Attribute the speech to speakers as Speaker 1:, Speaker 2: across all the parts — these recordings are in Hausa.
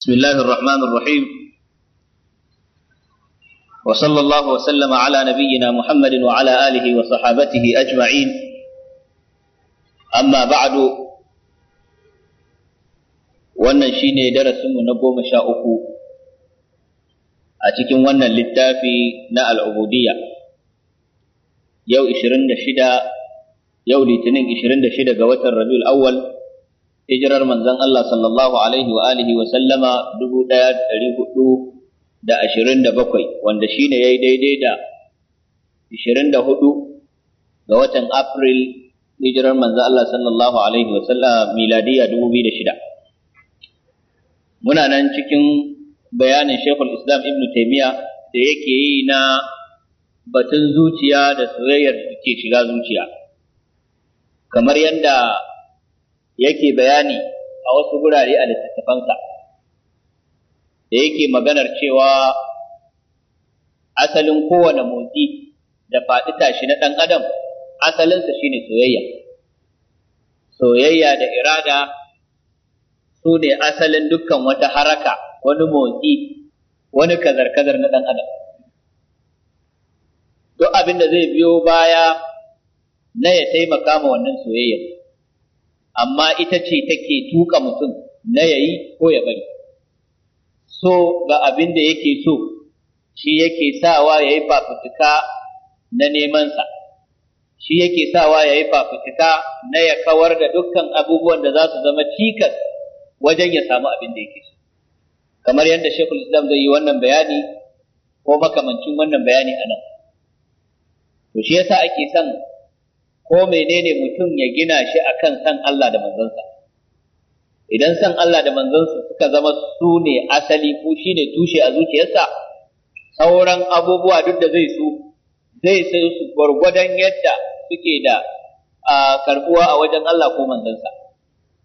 Speaker 1: بسم الله الرحمن الرحيم وصلى الله وسلم على نبينا محمد وعلى اله وصحابته اجمعين اما بعد wannan shine darasinmu na goma sha uku a cikin wannan littafi na al'ubudiyya yau 26 yau litinin 26 ga watan rabiul awwal hijirar manzon Allah sallallahu alaihi wa alihi wa sallama bakwai, wanda shi ne ya yi daidai da ashirin da hudu ga watan April hijirar manzon Allah sallallahu alaihi wa Sallama miladiya dubu biyu da shida. muna nan cikin bayanin Sheikhul Islam Ibn Taimiyya da yake yi na batun zuciya da soyayyar da ke shiga zuciya kamar yadda yake bayani a wasu gurare a littattafansa da yake maganar cewa asalin kowane motsi da faɗi tashi na ɗan adam asalinsa shine soyayya soyayya da irada su ne asalin dukkan wata haraka wani motsi wani kazar-kazar na ɗan adam duk abin da zai biyo baya na ya taimaka ma wannan soyayya amma ita ce take tuka mutum na yayi ko ya bari so ga abin da yake so shi yake sawa ya yi fafutuka na nemansa shi yake sawa ya yi fafutuka na ya kawar da dukkan abubuwan da za su zama cikas wajen ya samu abin da yake so kamar yadda shekul islam zai yi wannan bayani ko makamancin wannan bayani a nan to shi yasa ake son ko menene mutum ya gina shi akan san Allah da manzansa idan san Allah da manzansa suka zama su ne asali ko shi ne tushe a zuciyarsa sauran abubuwa duk da zai su zai sai su gwargwadon yadda suke da karbuwa a wajen Allah ko manzansa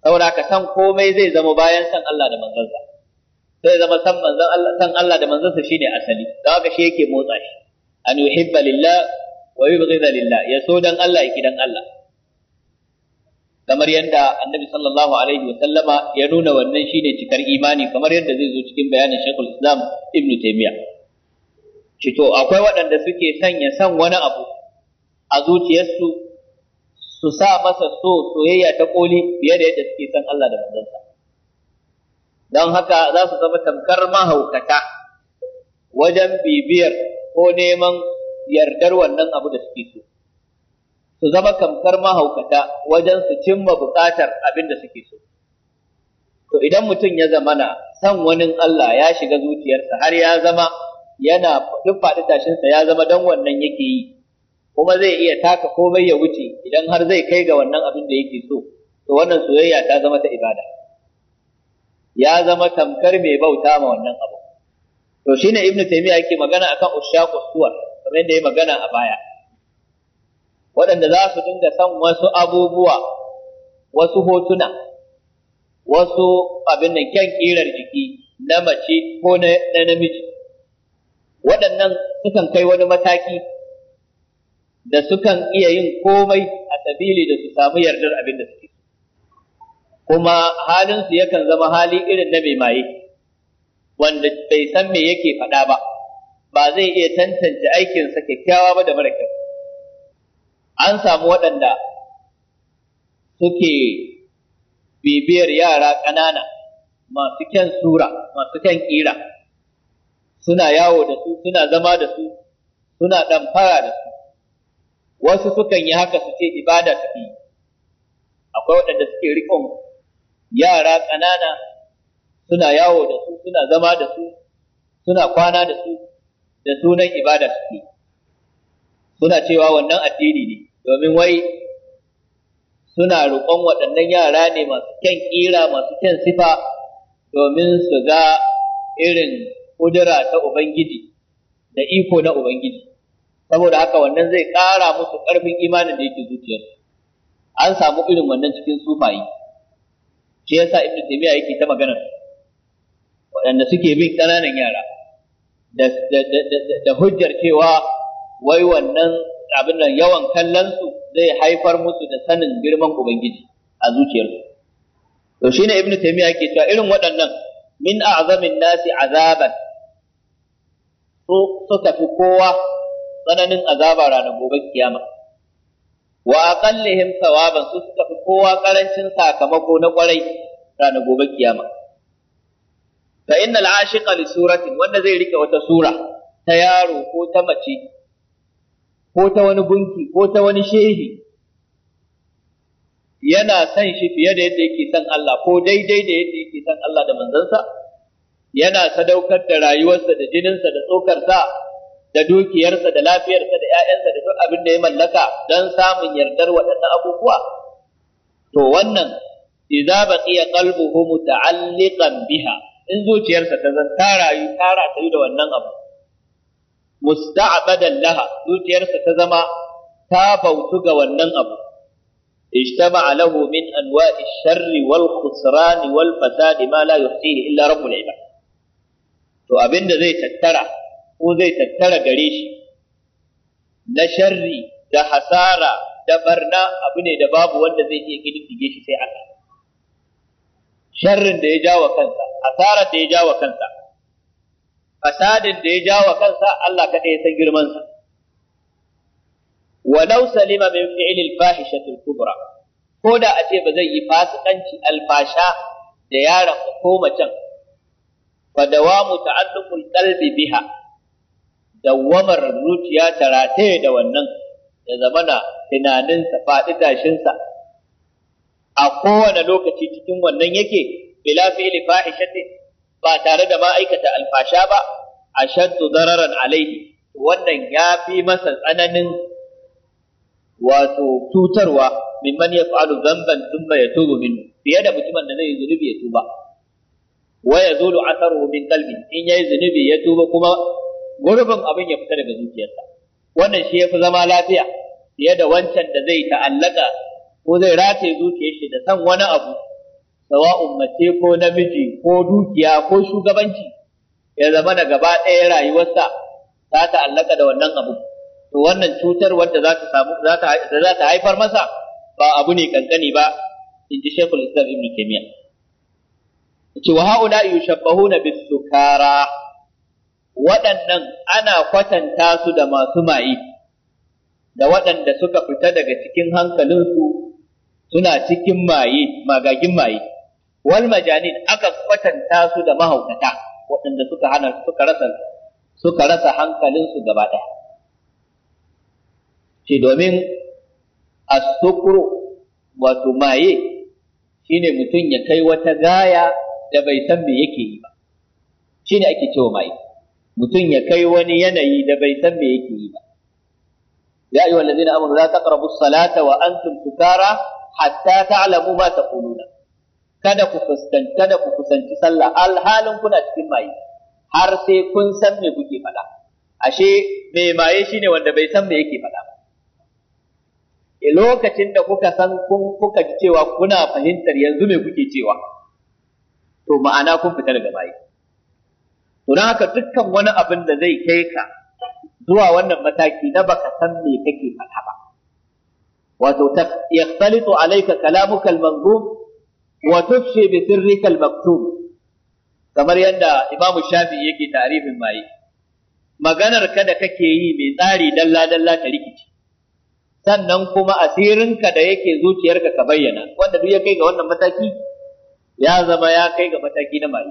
Speaker 1: saboda ka san komai zai zama bayan san Allah da manzansa sai zama san manzan Allah san Allah da manzansa shine asali don haka shi yake motsa shi an yuhibba lillah wa yubghidha lillah ya so dan Allah ya kidan Allah kamar yadda annabi sallallahu alaihi wa sallama ya nuna wannan shine cikar imani kamar yadda zai zo cikin bayanin Sheikhul Islam Ibn taymiya shi to akwai waɗanda suke sanya san wani abu a zuciyarsu su sa masa so soyayya ta koli fiye da yadda suke san Allah da manzansa don haka za su zama tamkar mahaukata wajen bibiyar ko neman yardar wannan abu da suke so su zama kamkar mahaukata wajen su cimma buƙatar abin da suke so to idan mutum ya zama na san wani Allah ya shiga zuciyarsa har ya zama yana duk faɗi tashinsa ya zama don wannan yake yi kuma zai iya taka komai ya wuce idan har zai kai ga wannan abin da yake so to wannan soyayya ta zama ta ibada ya zama tamkar mai bauta ma wannan abu to shine ibnu taymiya yake magana akan ushaqus suwar kamar yadda ya magana a baya waɗanda za su dinga son wasu abubuwa wasu hotuna wasu abin nan kyan ƙirar jiki na mace ko na namiji waɗannan sukan kai wani mataki da sukan iya yin komai a sabili da su samu yardar abin da suke kuma halinsu yakan zama hali irin na mai maye wanda bai san me yake faɗa ba ba zai iya tantance aikinsa kyakkyawa ba da mara kyau an samu waɗanda suke bibiyar yara ƙanana masu kyan sura masu kyan ƙira suna yawo da su suna zama da su suna ɗamfara da su wasu sukan yi haka su ce ibada suke yi akwai waɗanda suke rikon yara ƙanana suna yawo da su suna zama da su suna kwana da su da sunan ibada suke suna cewa wannan addini ne domin wai suna roƙon waɗannan yara ne masu kyan ƙira masu kyan sifa domin su ga irin ƙudura ta ubangiji da iko na ubangiji saboda haka wannan zai ƙara musu ƙarfin imanin da yake zuciyarsu an samu irin wannan cikin sufayi shi yasa ibnu taymiya yake ta maganar waɗanda suke bin ƙananan yara da hujjar cewa wai wannan abin nan yawan kallonsu zai haifar musu da sanin girman ubangiji a zuciyarsu to shine ibnu taymiya ke cewa irin waɗannan min a'zamin nasi azaban su suka fi kowa tsananin azaba ranar gobe kiyama wa aqallihim thawaban su suka fi kowa karancin sakamako na kwarai ranar gobe kiyama fa innal ashiqa li suratin wanda zai rike wata sura ta yaro ko ta mace ko ta wani gunki ko ta wani shehi yana son shi fiye da yadda yake son Allah ko daidai da yadda yake son Allah da manzansa yana sadaukar da rayuwarsa da jininsa da tsokarsa da dukiyarsa da lafiyarsa da ‘ya'yansa da duk abin da ya mallaka don samun yardar waɗannan abubuwa to wannan idza baqiya qalbuhu muta'alliqan biha in zuciyarsa ta zan ta rayu ta yi da wannan abu musta'badan laha zuciyarsa ta zama ta bautu ga wannan abu اجتمع له من أنواع الشر والخسران والفساد ما لا يحصيه إلا رب العباد to abinda zai tattara ko zai tattara gare shi na sharri da hasara da barna abu ne da babu wanda zai iya gididdige shi sai Allah sharrin da ya jawa kansa asarar da ya jawa kansa fasadin da ya jawa kansa Allah kaɗai ya san girmansa. sa walau salima min fi'l al al-kubra ko da a ce ba zai yi fasikanci alfasha da yaron ko macen fa dawamu ta'alluqul qalbi biha dawamar zuciya ta rataye da wannan ya zamana tunaninsa faɗi tashinsa a kowane lokaci cikin wannan yake bila fi'li fahishatin ba tare da ma'aikata alfasha ba ashaddu dararan alaihi wannan ya fi masa tsananin wato cutarwa mimman yaf'alu dhanban thumma yatubu minhu fiye da mutumin da zai zunubi ya tuba wa yazulu atharuhu min qalbi in yayi zunubi ya tuba kuma gurbin abin ya fita daga zuciyarsa wannan shi ya fi zama lafiya fiye da wancan da zai ta'allaka ko zai rataye dukiyar shi da san wani abu sawa ummace ko namiji ko dukiya ko shugabanci ya zama da gaba ɗaya rayuwarsa za ta allaka da wannan abu to wannan cutar wanda za ta samu za ta haifar masa ba abu ne kankani ba in ji Sheikhul Islam Ibn Taymiyyah ce wa haula yushabbahuna bis sukara waɗannan ana kwatanta su da masu maye da waɗanda suka fita daga cikin hankalinsu suna cikin maye magagin maye wal majanin aka kwatanta su da mahaukata waɗanda suka hana suka rasa suka rasa hankalinsu gaba ɗaya ce domin asukuru wato maye shine mutum ya kai wata gaya da bai san me yake yi ba shine ake cewa maye mutum ya kai wani yanayi da bai san me yake yi ba ya ayyuhal ladzina amanu la taqrabu as-salata wa antum sukara hatta ta'lamu ma taquluna kada ku fuskanta kada ku kusanci sallah alhalin kuna cikin maye har sai kun san me kuke faɗa ashe me maye shine wanda bai san me yake faɗa ba e, lokacin da kuka san kun kuka ji cewa kuna fahimtar yanzu me kuke cewa to ma'ana kun fita daga maye to dan haka dukkan wani abin da zai kai ka zuwa wannan mataki na baka san me kake faɗa ba wato yaktalitu alayka kalamuka al-manzum wa tufshi bi sirrika al kamar yadda imamu shafi yake tarifin maye maganar ka da kake yi mai tsari dalla dalla ta rikici sannan kuma asirinka da yake zuciyarka ka bayyana wanda duk ya kai ga wannan mataki ya zama ya kai ga mataki na mai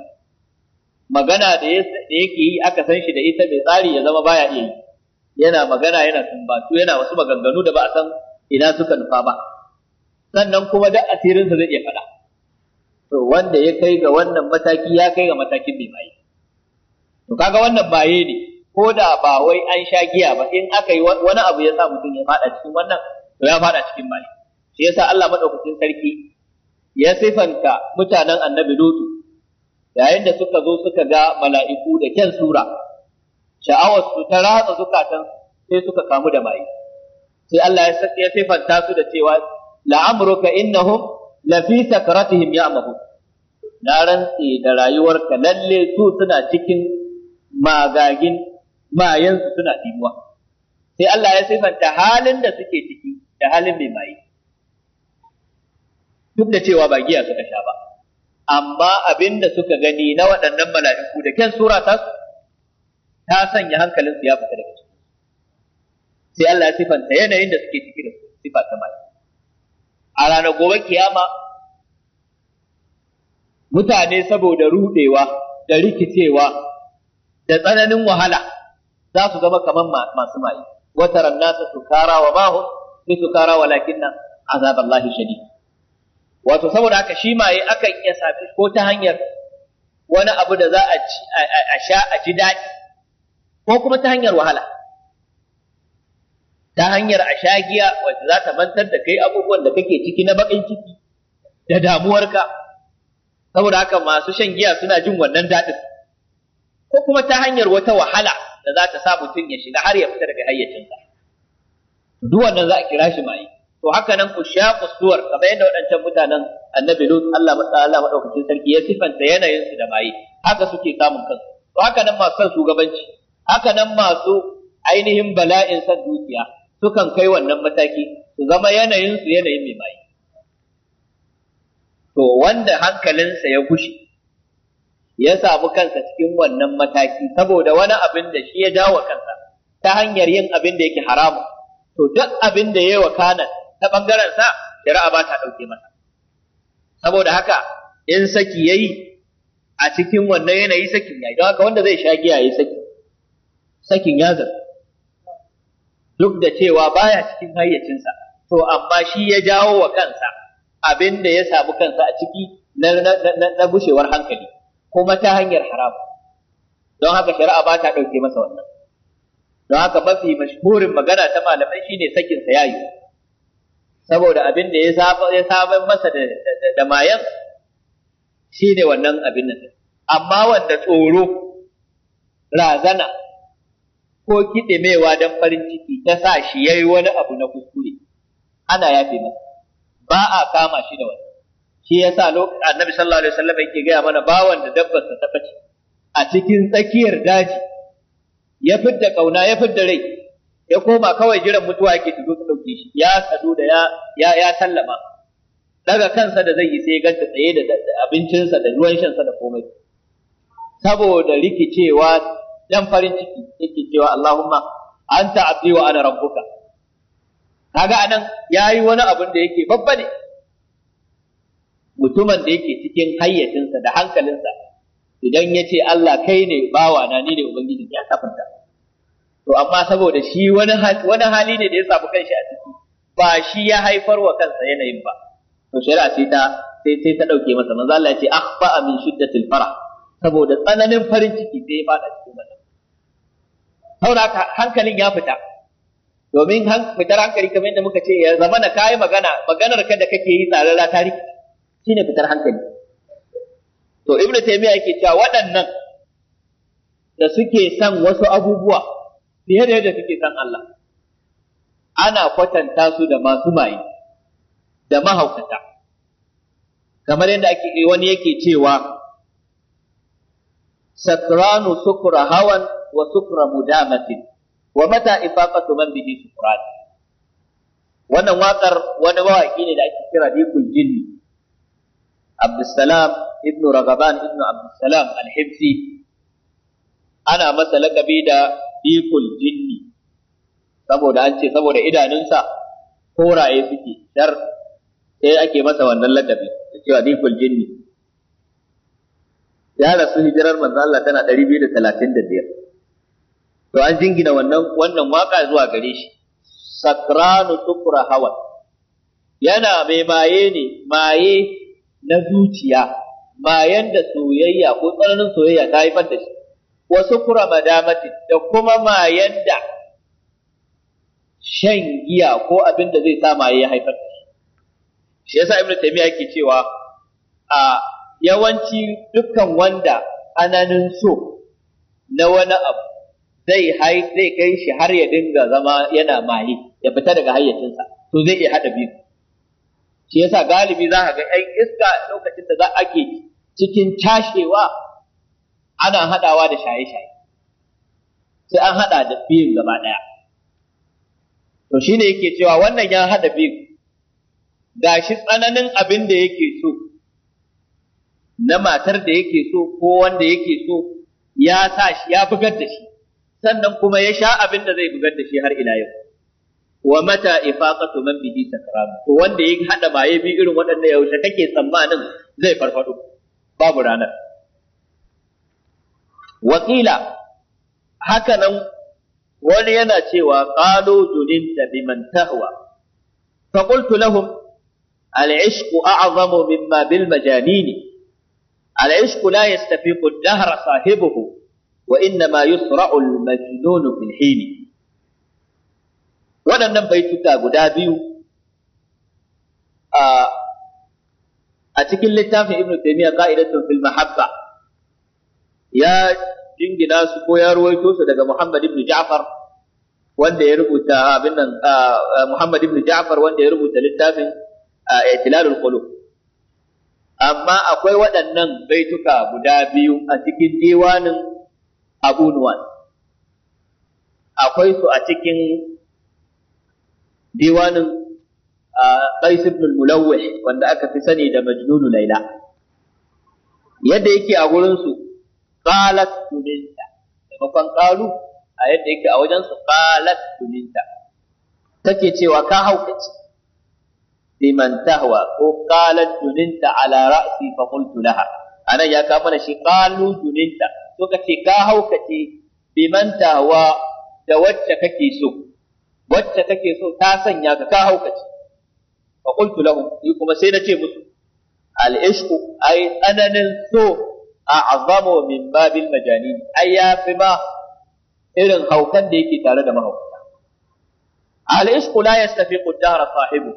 Speaker 1: magana da yake yi aka san shi da ita mai tsari ya zama baya iya yi yana magana yana sumbatu yana wasu maganganu da ba a san ina suka nufa ba sannan kuma duk asirinsa zai iya faɗa to wanda ya kai ga wannan mataki ya kai ga matakin mai baye to kaga wannan baye ne ko da ba wai an sha giya ba in aka yi wani abu ya sa mutum ya faɗa cikin wannan to ya faɗa cikin baye shi yasa Allah madaukakin sarki ya sifanta mutanen annabi Lutu yayin da suka zo suka ga mala'iku da kyan sura sha'awar su ta ratsa zukatan sai suka kamu da maye sai Allah ya sifanta su da cewa la'amruka innahum fi sakratihim ya'mahu na rantse da rayuwarka lalle su suna cikin magagin su suna dimuwa sai Allah ya sifanta halin da suke ciki da halin mai maye duk da cewa ba giya suka sha ba amma abin da suka gani na waɗannan mala'iku da kyan sura ta ta sanya hankalin su ya fita daga sai Allah ya sifanta yanayin da suke ciki da sifa ta mai a ranar gobe kiyama mutane saboda rudewa da rikicewa da tsananin wahala za su zama kamar masu mai wataran su sukara wa su kara sukara lakin nan azaballahi shadi. wato saboda haka shi maye akan iya safi ko ta hanyar wani abu da za a sha a ji daɗi ko kuma ta hanyar wahala ta hanyar a shagiya wacce za ta mantar da kai abubuwan da kake ciki na bakin ciki da damuwarka saboda haka masu shan giya suna jin wannan daɗin ko kuma ta hanyar wata wahala da za ta sa mutum ya shiga har ya fita daga hayyacinsa duk wannan za a kira shi maye to haka nan ku sha kusuwar kamar yadda waɗancan mutanen annabi lut Allah Allah madaukakin sarki ya sifanta yanayinsu da maye haka suke samun kansu to haka nan masu son shugabanci haka nan masu ainihin bala'in son dukiya sukan kai wannan mataki su zama yanayinsu yanayin mai maye to wanda hankalinsa ya gushi ya samu kansa cikin wannan mataki saboda wani abin da shi ya jawo kansa ta hanyar yin abin da yake haramu to duk abin da yayi wa kanan ta bangaren sa shari'a ba ta dauke masa saboda haka in saki yayi a cikin wannan yanayi sakin yi don haka wanda zai sha giya yayi saki sakin ya zama duk da cewa baya cikin hayyacinsa to amma shi ya jawo wa kansa abin da ya samu kansa a ciki na bushewar hankali kuma ta hanyar haram don haka shari'a ba ta ɗauke masa wannan don haka mafi mashhurin magana ta malamai shine sakin sa yayi saboda abin da ya saba masa da mayan shine wannan abin nan amma wanda tsoro razana ko kiɗe kiɗimewa don farin ciki ta sa shi ya yi wani abu na kuskure ana yafe masa ba a kama shi da wani shi ya sa annabi sallallahu alaihi wasallam yake gaya mana bawan da dabbar ta ɓace. a cikin tsakiyar daji ya fidda kauna ya fidda rai ya koma kawai jiran mutuwa yake ta ta shi ya sadu da ya ya, ya sallama daga kansa da zai yi sai ganta tsaye da abincinsa da ruwan shansa da komai saboda rikicewa dan farin ciki yake cewa Allahumma anta abdi wa ana rabbuka kaga anan yayi wani abin da yake babba ne mutumin da yake cikin hayyacinsa da hankalinsa idan ya ce Allah kai ne bawa na ni ne ubangiji ya kafanta to amma saboda shi wani wani hali ne da ya samu kanshi a ciki ba shi ya haifar wa kansa yanayin ba to shari'a sai ta sai sai ta dauke masa manzo Allah ya ce akhfa min shiddatil farah saboda tsananin farin ciki sai ya fada cikin wannan saboda hankalin ya fita domin fitar hankali kamar yadda muka ce ya zama na kayi magana maganar ka da kake yi tsarara tarihi shine fitar hankali to ibnu taimiya yake cewa waɗannan da suke son wasu abubuwa fiye da yadda suke son Allah ana kwatanta su da masu maye da mahaukata kamar yadda ake wani yake cewa sakranu sukura hawan wa sufra mudamatin wa mata ifaqatu man bihi sufran wannan wakar wani mawaki ne da ake kira Bikul Jinni Abdussalam ibn Ragaban ibn Abdussalam al-Hibsi ana masa lakabi da saboda an ce saboda idanunsa koraye suke dar sai ake masa wannan lakabi da cewa Bikul Jinni ya rasu hijirar manzo Allah tana 235 to an jingina wannan wannan waka zuwa gare shi sakranu tukra hawa yana mai maye ne maye na zuciya mayan da soyayya ko tsananin soyayya ta haifar da shi wasu kura madamati da kuma mayan da shan giya ko abin da zai sa maye ya haifar da shi shi yasa ibnu taymiya yake cewa a yawanci dukkan wanda ananin so na wani abu zai zai kai shi har ya dinga zama yana maye ya fita daga hayyacinsa to zai iya hada biyu shi yasa galibi za ka ga 'yan iska lokacin da za ake cikin tashewa ana hadawa da shaye-shaye sai an hada da biyun gaba ɗaya to shine yake cewa wannan ya hada biyun gashi tsananin abin da yake so na matar da yake so ko wanda yake so ya sa shi ya bugar da shi sannan kuma ya sha abin da zai bugar da shi har ila yau wa mata ifaqatu man bihi sakram to wanda ya hada maye bi irin waɗannan yaushe kake tsammanin zai farfado babu ranar wakila haka nan wani yana cewa qalu juninta biman tahwa fa qultu lahum العشق أعظم مما بالمجانين العشق لا يستفيق الدهر صاحبه wa inna ma yusra'u al-majnun fil waɗannan baituka guda biyu a cikin littafin Ibn taymiya qa'idatun fil mahabba ya jingina su ko ya ruwaito su daga muhammad Ibn ja'far wanda ya rubuta abin nan muhammad Ibn ja'far wanda ya rubuta littafin i'tilalul qulub amma akwai waɗannan baituka guda biyu a cikin diwanin abu nuwan akwai su a cikin diwanin Qais ibn al wanda aka fi sani da Majnunu Laila yadda yake a gurin su qalat tuninta maimakon qalu a yadda yake a wajen su qalat tuninta take cewa ka haukace liman tahwa ko qalat tuninta ala ra'si fa qultu laha anan ya ka mana shi qalu tuninta suka ce ka haukace biman da wacce kake so wacce kake so ta sanya ka ka haukace fa qultu lahum ni kuma sai na ce musu al ishqu ay tsananin so a'zamu min babil majanin ai ya fi ma irin haukan da yake tare da mahaukata al ishqu la yastafiqu dara sahibu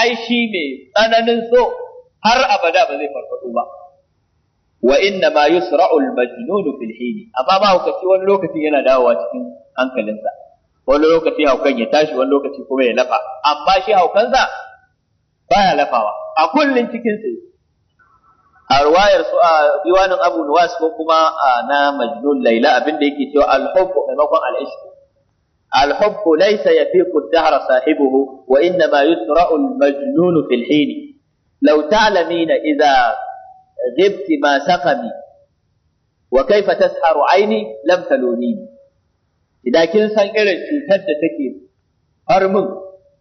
Speaker 1: ai shi mai tsananin so har abada ba zai farfado ba wa inna ma yusra'u al amma ba hukaci wani lokaci yana dawowa cikin hankalinsa wani lokaci ya tashi wani lokaci kuma ya lafa amma shi haukansa baya lafawa a kullun cikin sai a ruwayar su a kuma na Majnun Laila abinda yake cewa al-hubbu maimakon al-ishq الحب ليس يفيق الدهر صاحبه وإنما يسرع المجنون في الحين لو تعلمين إذا غبت ما سقمي وكيف تسحر عيني لم تلونيني idan kin san irin cutar da take har mun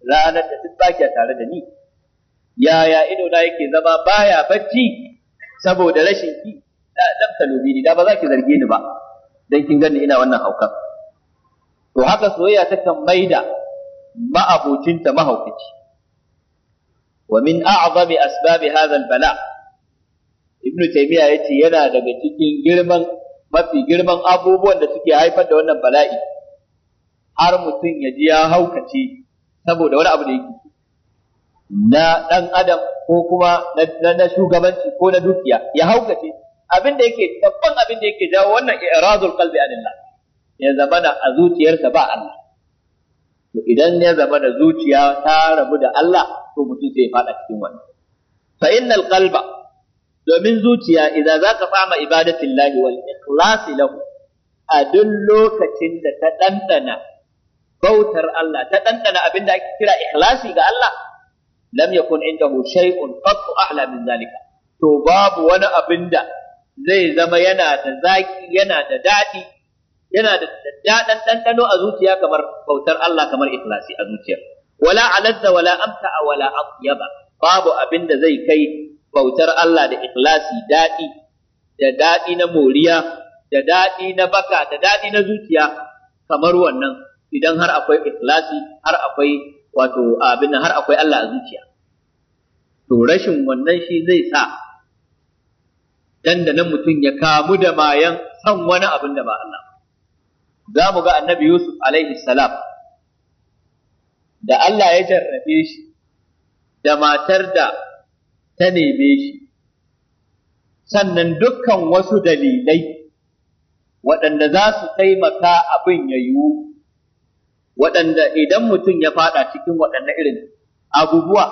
Speaker 1: ranar da duk baki tare da ni yaya ido na yake zama baya bacci saboda rashin ki da lam talubini da ba za ki zarge ni ba dan kin gani ina wannan haukan to haka soyayya ta kan maida ma'abocinta mahaukaci wa min a'zami asbabi hadha al-bala' ibnu taymiya ce yana daga cikin girman mafi girman abubuwan da suke haifar da wannan bala'i har mutum ya ji ya haukace saboda wani abu da yake na dan adam ko kuma na shugabanci ko na dukiya ya haukace abin da yake babban abin da yake jawo wannan i'razul qalbi anillah ya zamana a zuciyarsa ba Allah to idan ya zamana zuciya ta rabu da Allah to mutum zai fada cikin wannan fa innal qalba domin zuciya idan za ka fama ibadatin lahi wal ikhlasi lahu a duk lokacin da ta ɗanɗana bautar Allah ta ɗanɗana abin da ake kira ikhlasi ga Allah lam yakun indahu shay'un qattu a'la min zalika to babu wani abin da zai zama yana da zaki yana da daɗi yana da daɗan ɗanɗano a zuciya kamar bautar Allah kamar ikhlasi a zuciya wala alazza wala amta wala atyaba babu abin da zai kai bautar Allah da ikhlasi daɗi da daɗi na moriya da daɗi na baka da daɗi na zuciya kamar wannan idan har akwai ikhlasi har akwai wato abin har akwai Allah a zuciya to rashin wannan shi zai sa dandanan mutum ya kamu da mayan san wani abin da ba Allah za mu ga annabi Yusuf alaihi salam da Allah ya jarrabe shi da matar da ta neme shi sannan dukkan wasu dalilai waɗanda za su taimaka abin ya yiwu waɗanda idan mutum ya fada cikin waɗanda irin abubuwa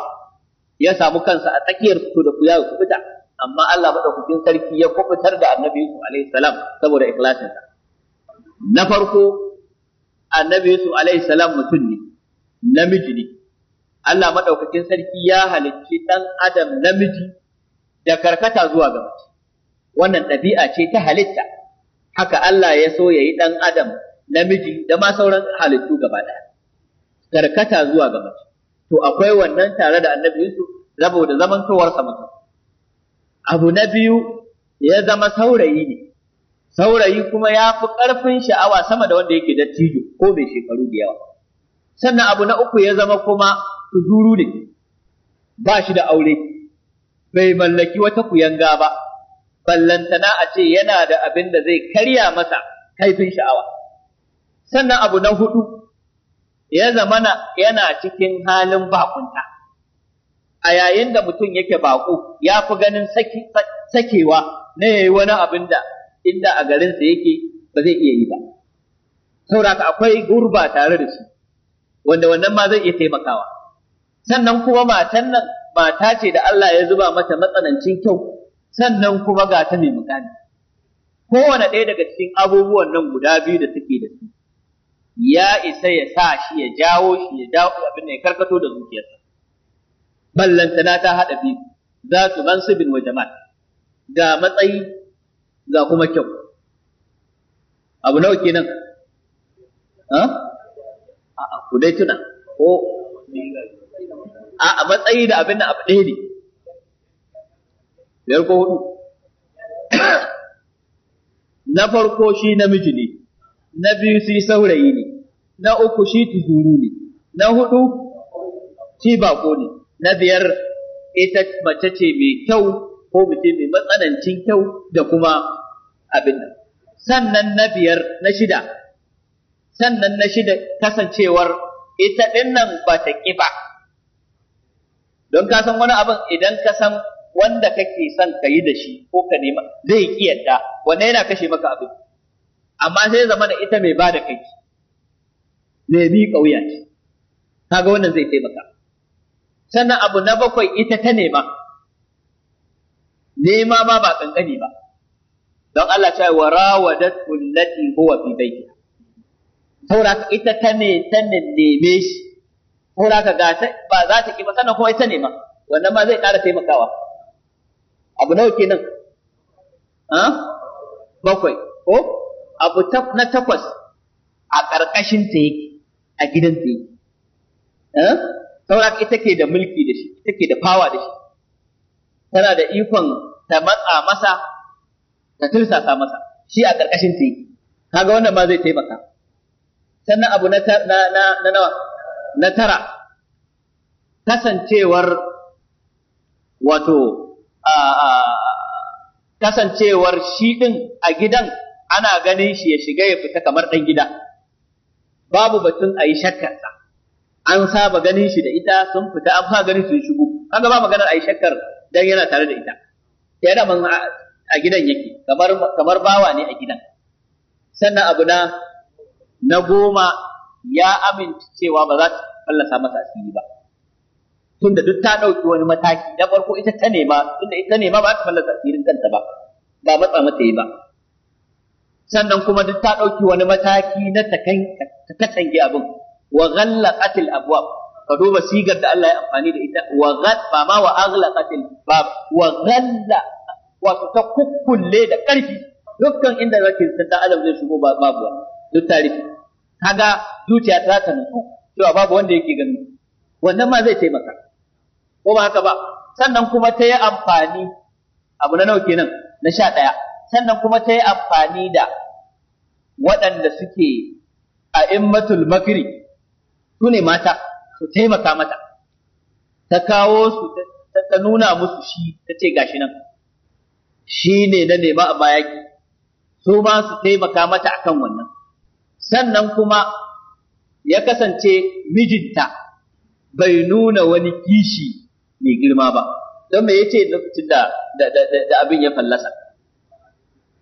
Speaker 1: ya samu kansa a tsakiyar su da kuya kubuta amma Allah madaukakin sarki ya kubutar da annabi su alaihi salam saboda ikhlasinsa na farko annabi su salam mutum ne namiji ne Allah madaukakin sarki ya halicci dan adam namiji da karkata zuwa ga mace wannan ɗabi'a ce ta halitta haka Allah ya so yayi ɗan adam namiji da ma sauran halittu gaba ɗaya karkata zuwa ga mace to akwai wannan tare da annabi Yusuf saboda zamantowarsa mutum abu na biyu ya zama saurayi ne saurayi kuma ya fi ƙarfin sha'awa sama da wanda yake dattijo ko mai shekaru da yawa sannan abu na uku ya zama kuma zuru ne ba shi da aure bai mallaki wata kuyanga ba ballantana a ce yana da abin da zai karya masa kaifin sha'awa sannan abu na hudu ya zamana yana cikin halin bakunta a yayin da mutum yake baƙo ya fi ganin sakewa na yayi wani abin da inda a garinsa yake ba zai iya yi ba saboda akwai gurba tare da su wanda wannan ma zai iya taimakawa sannan kuma matan nan mata ce da Allah ya zuba mata matsanancin kyau sannan kuma ga ta mai mukami kowane ɗaya daga cikin abubuwan nan guda biyu da suke da su ya isa ya sa shi ya jawo shi ya dawo abin da ya karkato da zuciyarsa ballantana ta haɗa biyu za su su wa jama'a ga matsayi ga kuma kyau abu nawa kenan a ku dai tuna ko a matsayi da abin nan abu ɗaya ne biyar ko hudu na farko shi namiji ne na biyu shi saurayi ne na uku shi tuzuru ne na hudu shi bako ne na biyar ita mace ce mai kyau ko mace mai matsanancin kyau da kuma abin nan sannan na biyar na shida sannan na shida kasancewar ita ɗin nan ba ta ƙi ba don ka san wani abin idan ka san wanda kake son ka yi da shi ko ka nema zai ki yadda wanda yana kashe maka abin amma sai zama da ita mai bada kai mai bi kauya ce kaga wannan zai taimaka sannan abu na bakwai ita ta nema nema ma ba kankani ba don Allah ta wa rawadat allati huwa fi baiti saboda ita ta ne ta neme shi ko da ka gata ba za ta ki ba sannan kuma ita ne ma wannan ma zai ƙara taimakawa abu nawa kenan ha bakwai ko abu na takwas a ƙarƙashin ta yake a gidan ta yake ha saboda ita ke da mulki da shi ita ke da fawa da shi tana da ikon ta matsa masa ta tursasa masa shi a ƙarƙashin ta yake kaga wannan ma zai taimaka sannan abu na na na nawa na tara kasancewar wato kasancewar shi ɗin a gidan ana ganin shi ya shiga ya fita kamar ɗan gida babu batun a yi shakkarsa an saba ganin shi da ita sun fita an sa ganin sun shigo kaga ba maganar a yi shakkar dan yana tare da ita yana man a gidan yake kamar kamar bawa ne a gidan sannan abu na goma ya amince cewa ba za ta fallasa masa asiri ba tunda duk ta ɗauki wani mataki na farko ita ta nema tunda ita nema ba ta fallasa asirin kanta ba ba matsa mata yi ba sannan kuma duk ta ɗauki wani mataki na ta katange abin wa ghallaqatil abwab ka duba sigar da Allah ya amfani da ita wa ghad ba ma wa aghlaqatil bab wa ghalla wato ta kukkulle da ƙarfi dukkan inda zaki ta alam zai shigo babu duk tarihi kaga zuciya ta ta nutsu cewa babu wanda yake gani wannan ma zai taimaka ko ba haka ba sannan kuma ta yi amfani abu na nawa kenan na sha ɗaya sannan kuma ta yi amfani da waɗanda suke a immatul makiri su ne mata su taimaka mata ta kawo su ta nuna musu shi ta ce gashi nan shi ne na nema a bayaki su ma su taimaka mata akan wannan sannan kuma ya kasance mijinta bai nuna wani kishi mai girma ba don me yace lokacin da da abin ya fallasa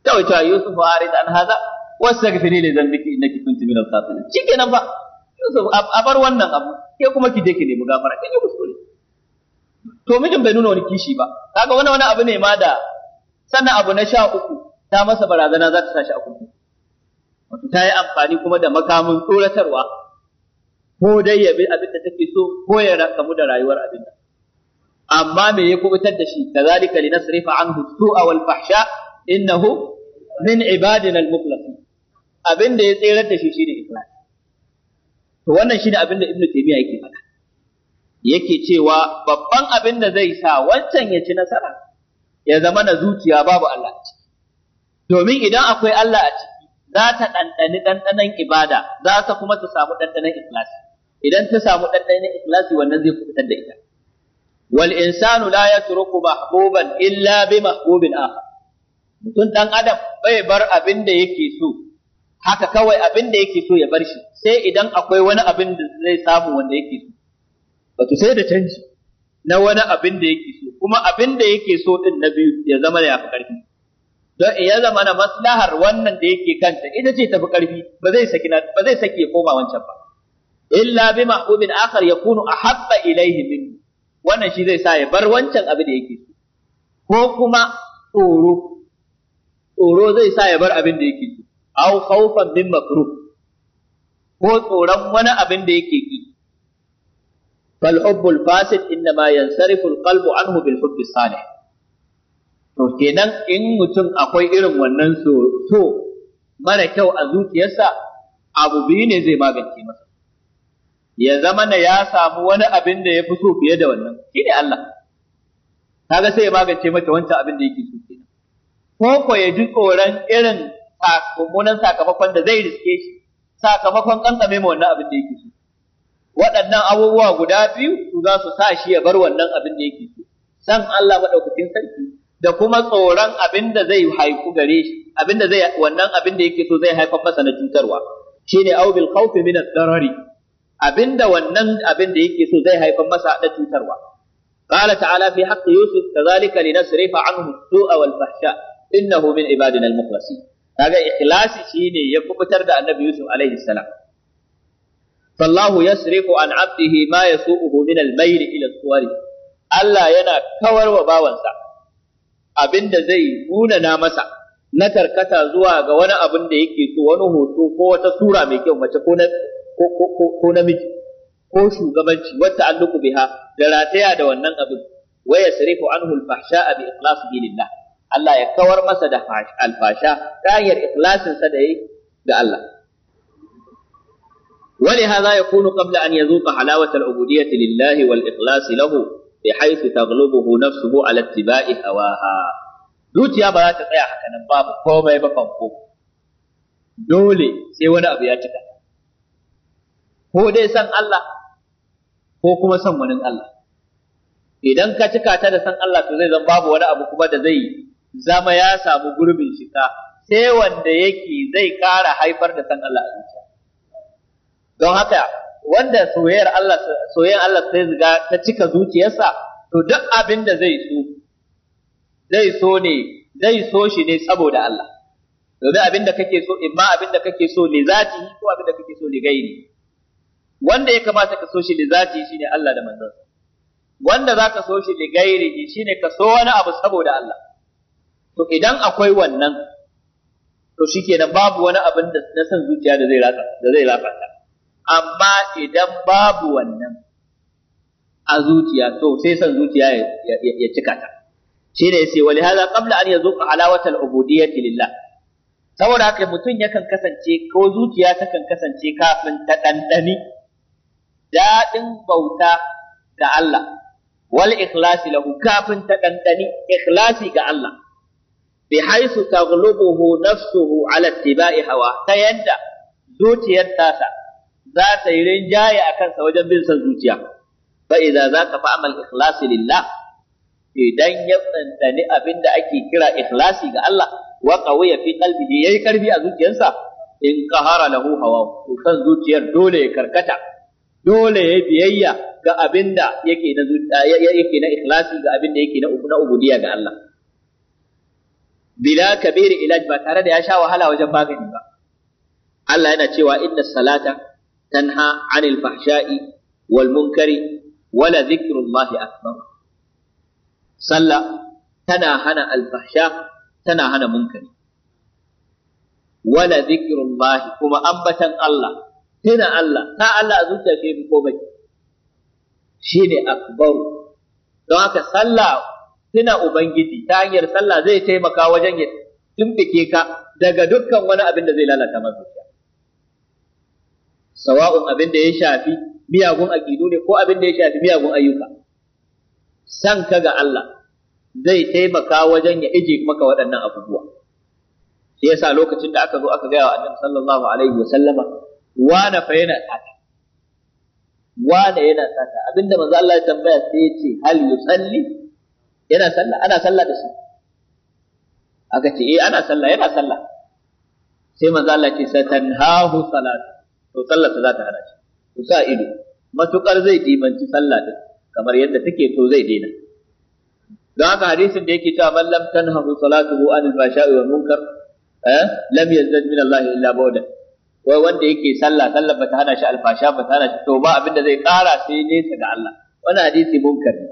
Speaker 1: kawai cewa Yusuf arid an haza wastaghfiri li dhanbiki innaki kunti minal khatirin kenan ba Yusuf a bar wannan abu ke kuma ki je ki nemi gafara kin yi kuskure to mijin bai nuna wani kishi ba kaga wani wani abu ne ma da sannan abu na sha uku ta masa barazana za ta tashi a kurkuku ta yi amfani kuma da makamin tsoratarwa ko dai ya bi abin da take so ko ya kamu da rayuwar abin da amma me ya kubutar da shi kazalika nasrifa anhu su'a wal fahsha innahu min ibadina al mukhlasin abin da ya tsirar da shi shine ikhlas to wannan shine abin da ibnu taymiya yake faɗa yake cewa babban abin da zai sa wancan ya ci nasara ya zama na zuciya babu Allah domin idan akwai Allah a ciki za ta ɗanɗani ɗanɗanon ibada za ta kuma ta samu ɗanɗanon ikhlasi idan ta samu ɗanɗanon ikhlasi wannan zai kubutar da ita wal insanu la yatruku mahbuban illa bi mahbubin akhar mutum dan adam bai bar abin da yake so haka kawai abin da yake so ya bar shi sai idan akwai wani abin da zai samu wanda yake so wato sai da canji na wani abin da yake so kuma abin da yake so din na biyu ya zama ya fi karfi don ya zama na maslahar wannan da yake kanta ita ce tafi ƙarfi ba zai saki na ba zai saki ya koma wancan ba illa bi mahbubin akhar yakunu ahabba ilayhi min wannan shi zai sa ya bar wancan abin da yake ko kuma tsoro tsoro zai sa ya bar abin da yake au khawfan min makruh ko tsoron wani abin da yake ki fal hubbul fasid inma yansarifu al qalbu anhu bil hubbi salih to kenan in mutum akwai irin wannan so to mara kyau a zuciyarsa abu biyu ne zai magance masa ya zama na ya samu wani abin da ya fi so fiye da wannan shi ne Allah kaga sai ya magance mata wancan abin da yake so kenan ko ko ya ji tsoron irin mummunan sakamakon da zai riske shi sakamakon kankame ma wannan abin da yake so waɗannan abubuwa guda biyu su za su sa shi ya bar wannan abin da yake so san Allah madaukakin sarki da kuma tsoron abin da zai haiku gare shi abin da zai wannan abin da yake so zai haifar masa na cutarwa shine au bil khawfi min ad-darari abin da wannan abin da yake so zai haifar masa na cutarwa qala ta'ala fi haqqi yusuf kadhalika linasrifa anhu as-su'a wal fahsha innahu min ibadina al-mukhlasin kaga ikhlasi shine ya kubutar da annabi yusuf alaihi salam فالله يصرف عن عبده ما يسوءه من الميل الى الصور Allah yana kawar wa bawansa abin da zai munana masa na tarkata zuwa ga wani abin da yake so wani hoto ko wata sura mai kyau mace ko na ko namiji ko shugabanci wata alluku biha da rataya da wannan abin wa yasrifu anhu al-fahsha bi ikhlas lillah Allah ya kawar masa da alfasha ta hanyar ikhlasin sa da yi ga Allah ولهذا an ya أن يذوق حلاوة العبودية wal والإخلاص lahu bi haythu taghlubuhu nafsuhu ala ittiba'i hawaha zuciya ba za ta tsaya haka nan babu komai ba fanko dole sai wani abu ya cika ko dai san Allah ko kuma san wani Allah idan ka cika ta da san Allah to zai zan babu wani abu kuma da zai zama ya samu gurbin shika sai wanda yake zai ƙara haifar da san Allah a zuciya don haka wanda soyayyar Allah soyayyar Allah sai zuga ta cika zuciyarsa to duk abin da zai so zai so ne zai so shi ne saboda Allah duk abin da kake so in ma abin da kake so ne zati ko abin da kake so ne gairi wanda ya kamata ka so shi ne zati shine Allah da manzansa wanda zaka so shi ne gairi shine ka so wani abu saboda Allah to idan akwai wannan to shikenan babu wani abin da na san zuciya da zai lafa da zai lafa amma idan babu wannan a zuciya to sai san zuciya ya cika ta shi ne sai wali hada qabla an yazuqa alawata al-ubudiyyati lillah saboda haka mutum yakan kasance ko zuciya takan kasance kafin ta dandani Daɗin bauta ga Allah wal ikhlasi lahu kafin ta dandani ikhlasi ga Allah bi haisu taghlubuhu nafsuhu ala ittiba'i hawa ta yanda zuciyar tasa za ta yi rinjaye a kansa wajen bin son zuciya fa idza zaka fa amal ikhlasi lillah idan ya tsantsani abin da ake kira ikhlasi ga Allah wa qawiya fi qalbihi yayi karfi a zuciyarsa in qahara lahu hawa to kan zuciyar dole ya karkata dole ya biyayya ga abin da yake na yake na ikhlasi ga abin da yake na ubuna ubudiyya ga Allah bila kabir ilaj ba tare da ya sha wahala wajen magani ba Allah yana cewa inna salata تنهى عن الفحشاء والمنكر ولا ذكر الله أكبر صلى تنا هنا الفحشاء تنا هنا منكر ولا ذكر الله كما أنبتا الله تنا الله تا الله أزلت في بكوبك شيني أكبر دعاك صلى tuna Ubangiji ta hanyar sallah zai taimaka wajen ya tumfike ka daga dukkan wani abin da zai lalata mazuciya. sawa'un abin da ya shafi miyagun aqidu ne ko abin da ya shafi miyagun ayyuka san ka ga Allah zai taimaka wajen ya ije maka waɗannan abubuwa shi yasa lokacin da aka zo aka gaya wa sallallahu alaihi wa sallama wane fa yana tsaka wane yana tsaka abinda manzo Allah ya tambaya sai ya ce hal yusalli yana sallah ana sallah da shi aka ce eh ana sallah yana sallah sai manzo Allah ya ce satanhahu salatu to sallarsa za ta hana shi ku sa ido matukar zai dimanci sallah din kamar yadda take to zai daina don haka hadisin da yake cewa man lam tanhahu salatuhu anil fashai wal munkar eh lam yazdad min Allah illa bawda wai wanda yake sallah sallah bata hana shi alfasha bata hana shi to ba abinda zai kara sai nesa ga Allah wannan hadisi munkar ne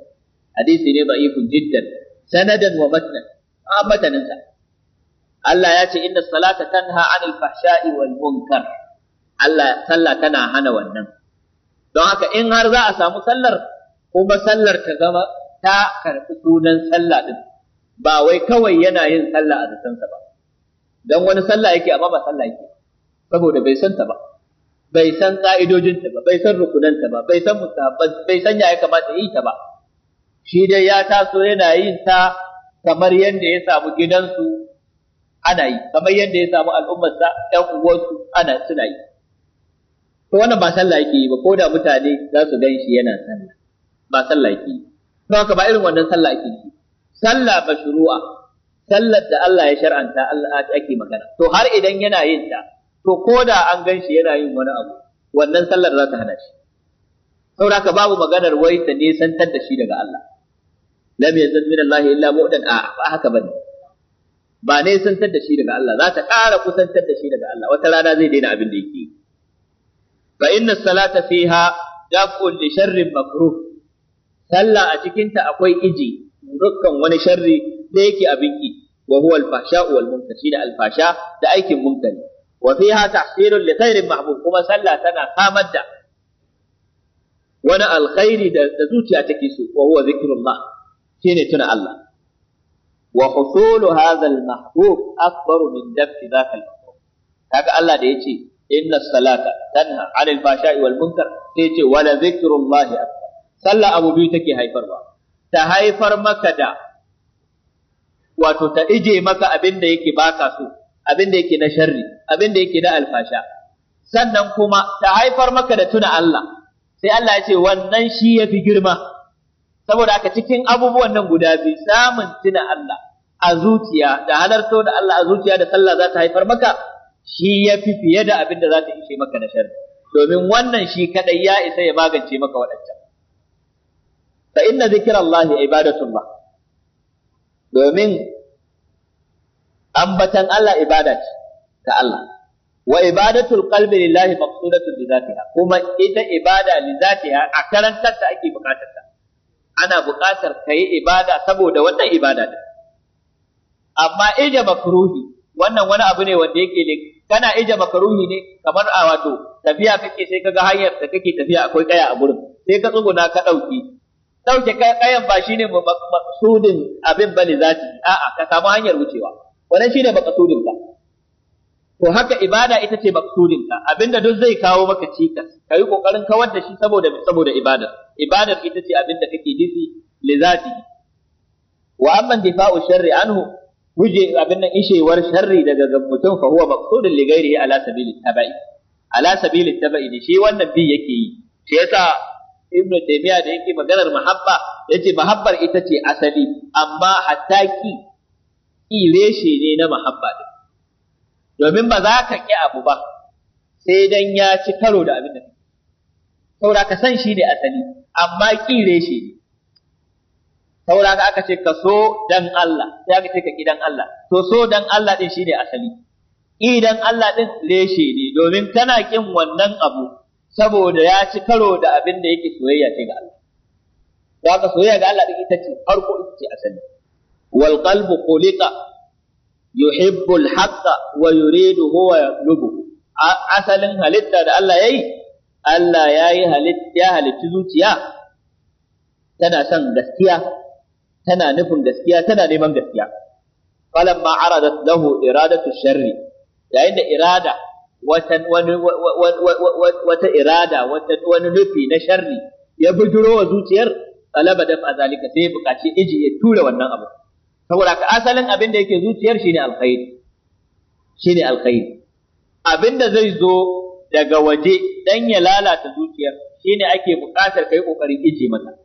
Speaker 1: hadisi ne da'ifun jiddan sanadan wa matnan a ah, mataninsa Allah ya ce inna salata tanha anil fahsha'i wal munkar Allah sallah tana hana wannan don haka in har za a samu sallar kuma sallar ta zama ta karɓi sunan sallah din ba wai kawai yana yin sallah a zatansa ba don wani sallah yake amma ba sallah yake saboda bai san ta ba bai san ta ba bai san rukunan ta ba bai san musabban bai san ya kamata yi ta ba shi dai ya taso yana yin ta kamar yadda ya samu gidansu ana yi kamar yadda ya samu al'ummarsa ƴan uwansu ana suna yi to wannan ba sallah yake yi ba ko da mutane za su gan shi yana sallah ba sallah yake yi haka ba irin wannan sallah yake yi sallah shuru'a sallar da Allah ya shar'anta Allah ake magana to har idan yana yin ta to ko da an gan shi yana yin wani abu wannan sallar za ta hana shi saboda haka babu maganar wai ta nisantar da shi daga Allah lam yazid min Allah illa mu'dan a ba haka bane ba ne sun da shi daga Allah za ta ƙara kusantar da shi daga Allah wata rana zai daina abin da yake yi fa inna salata fiha daf'un li sharrin makruh sallah a cikinta ta akwai iji dukkan wani sharri da yake abin ki wa huwa al-fahsha da al da aikin munkari wa fiha tahsilun li khairin mahbub kuma sallah tana samar da wani alkhairi da zuciya take so wa tuna Allah wa mahbub akbar min dafi Allah da ce. inna salata tanha anil fashai wal munkar sai ce wala zikrullahi akbar sallah abu biyu take haifarwa ta haifar maka da wato ta ije maka abin da yake baka so abin da yake na sharri abin da yake na alfasha sannan kuma ta haifar maka da tuna Allah sai Allah ya ce wannan shi yafi girma saboda haka cikin abubuwan nan guda biyu samun tuna Allah a zuciya da halarto da Allah a zuciya da sallah za ta haifar maka shi ya fi fiye da abin da za ta ishe maka na sharri domin wannan shi kadai ya isa ya magance maka waɗancan fa inna zikirallahi ibadatullah domin ambatan Allah ibada ce ta Allah wa ibadatul qalbi lillahi maqsudatun li zatiha kuma ita ibada li zatiha a karantar ta ake bukatar ta ana bukatar kai ibada saboda wannan ibada din amma ida makruhi wannan wani abu ne wanda yake ne kana ija makaruhi ne kamar a wato tafiya kake sai kaga hanyar da kake tafiya akwai kaya a gurin sai ka tsuguna ka dauki dauke kayan ba shine maksudin abin bane zati a'a ka samu hanyar wucewa wannan shine maksudin ka to haka ibada ita ce maksudin ka abinda duk zai kawo maka cikas kai kokarin kawar da shi saboda saboda ibada ibada ita ce abinda kake nufi lizati wa amma difa'u sharri anhu guje abin nan ishewar sharri daga mutum fa huwa maqsudun li ghairihi ala sabilit tabai ala sabilit tabai ne shi wannan bi yake yi shi yasa ibnu taymiya da yake maganar mahabba yace mahabbar ita ce asali amma hatta ki reshe ne na mahabba din domin ba za ka ki abu ba sai dan ya ci karo da abin da saboda ka san shi ne asali amma ki reshe ne saboda haka aka ce ka so dan Allah sai aka ce ka ki dan Allah to so dan Allah din shine asali idan Allah din reshe ne domin kana kin wannan abu saboda ya ci karo da abin da yake soyayya ce ga Allah to haka soyayya ga Allah din ita ce farko ita ce asali wal qalbu khuliqa yuhibbu al haqqa wa yuridu huwa yaqlubu asalin halitta da Allah yayi Allah yayi halitta ya halitta zuciya tana son gaskiya tana nufin gaskiya tana neman gaskiya falamma aradat lahu iradatu sharri yayin da irada wata wani wata irada wata wani nufi na sharri ya bujuro wa zuciyar talaba da azalika sai bukaci iji ya tura wannan abu saboda ka asalin abin da yake zuciyar shine alkhairi shine alkhairi abin da zai zo daga waje dan ya lalata zuciyar shine ake bukatar kai kokarin ije mata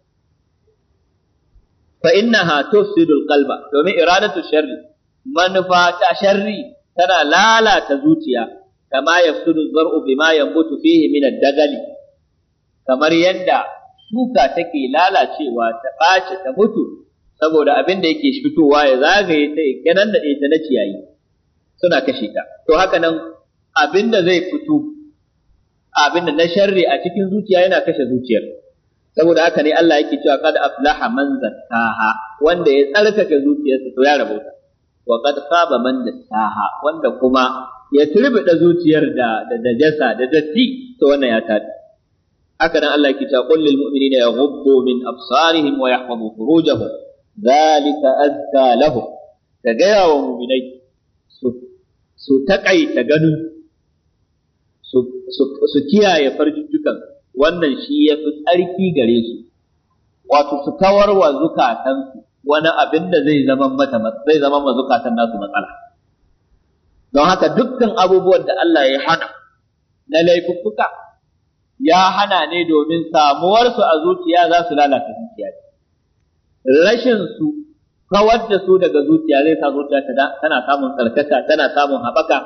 Speaker 1: fa innaha tufsidul qalba domin iradatu sharri manufa ta sharri tana lalata zuciya kama yafsudu zar'u bima mutu fihi min ad-dagali kamar yanda shuka take lalacewa ta ɓace ta mutu saboda abin da yake fitowa ya zagaye ta kenan da ita na ciyayi suna kashe ta to haka nan abin da zai fito abin da na sharri a cikin zuciya yana kashe zuciyar saboda haka ne Allah yake cewa qad aflaha man zakkaha wanda ya tsarkake zuciyarsa to ya rabota, wa qad khaba man dassaha wanda kuma ya turbida zuciyar da da jasa da datti to wannan ya tada haka nan Allah yake cewa qul lil mu'minina yaghuddu min absarihim wa yahfazu furujahum dhalika azka lahum ka gaya wa mu'minai su su takaita ganin su su kiyaye farji wannan shi ya fi tsarki gare su wato su kawar wa zukatansu wani abin da zai zama mata zai zama ma zukatan nasu matsala don haka dukkan abubuwan da Allah ya hana na laifuffuka ya hana ne domin samuwarsu a zuciya za su lalata zuciya rashin su kawar da su daga zuciya zai sa zuciya tana samun tsarkaka tana samun haɓaka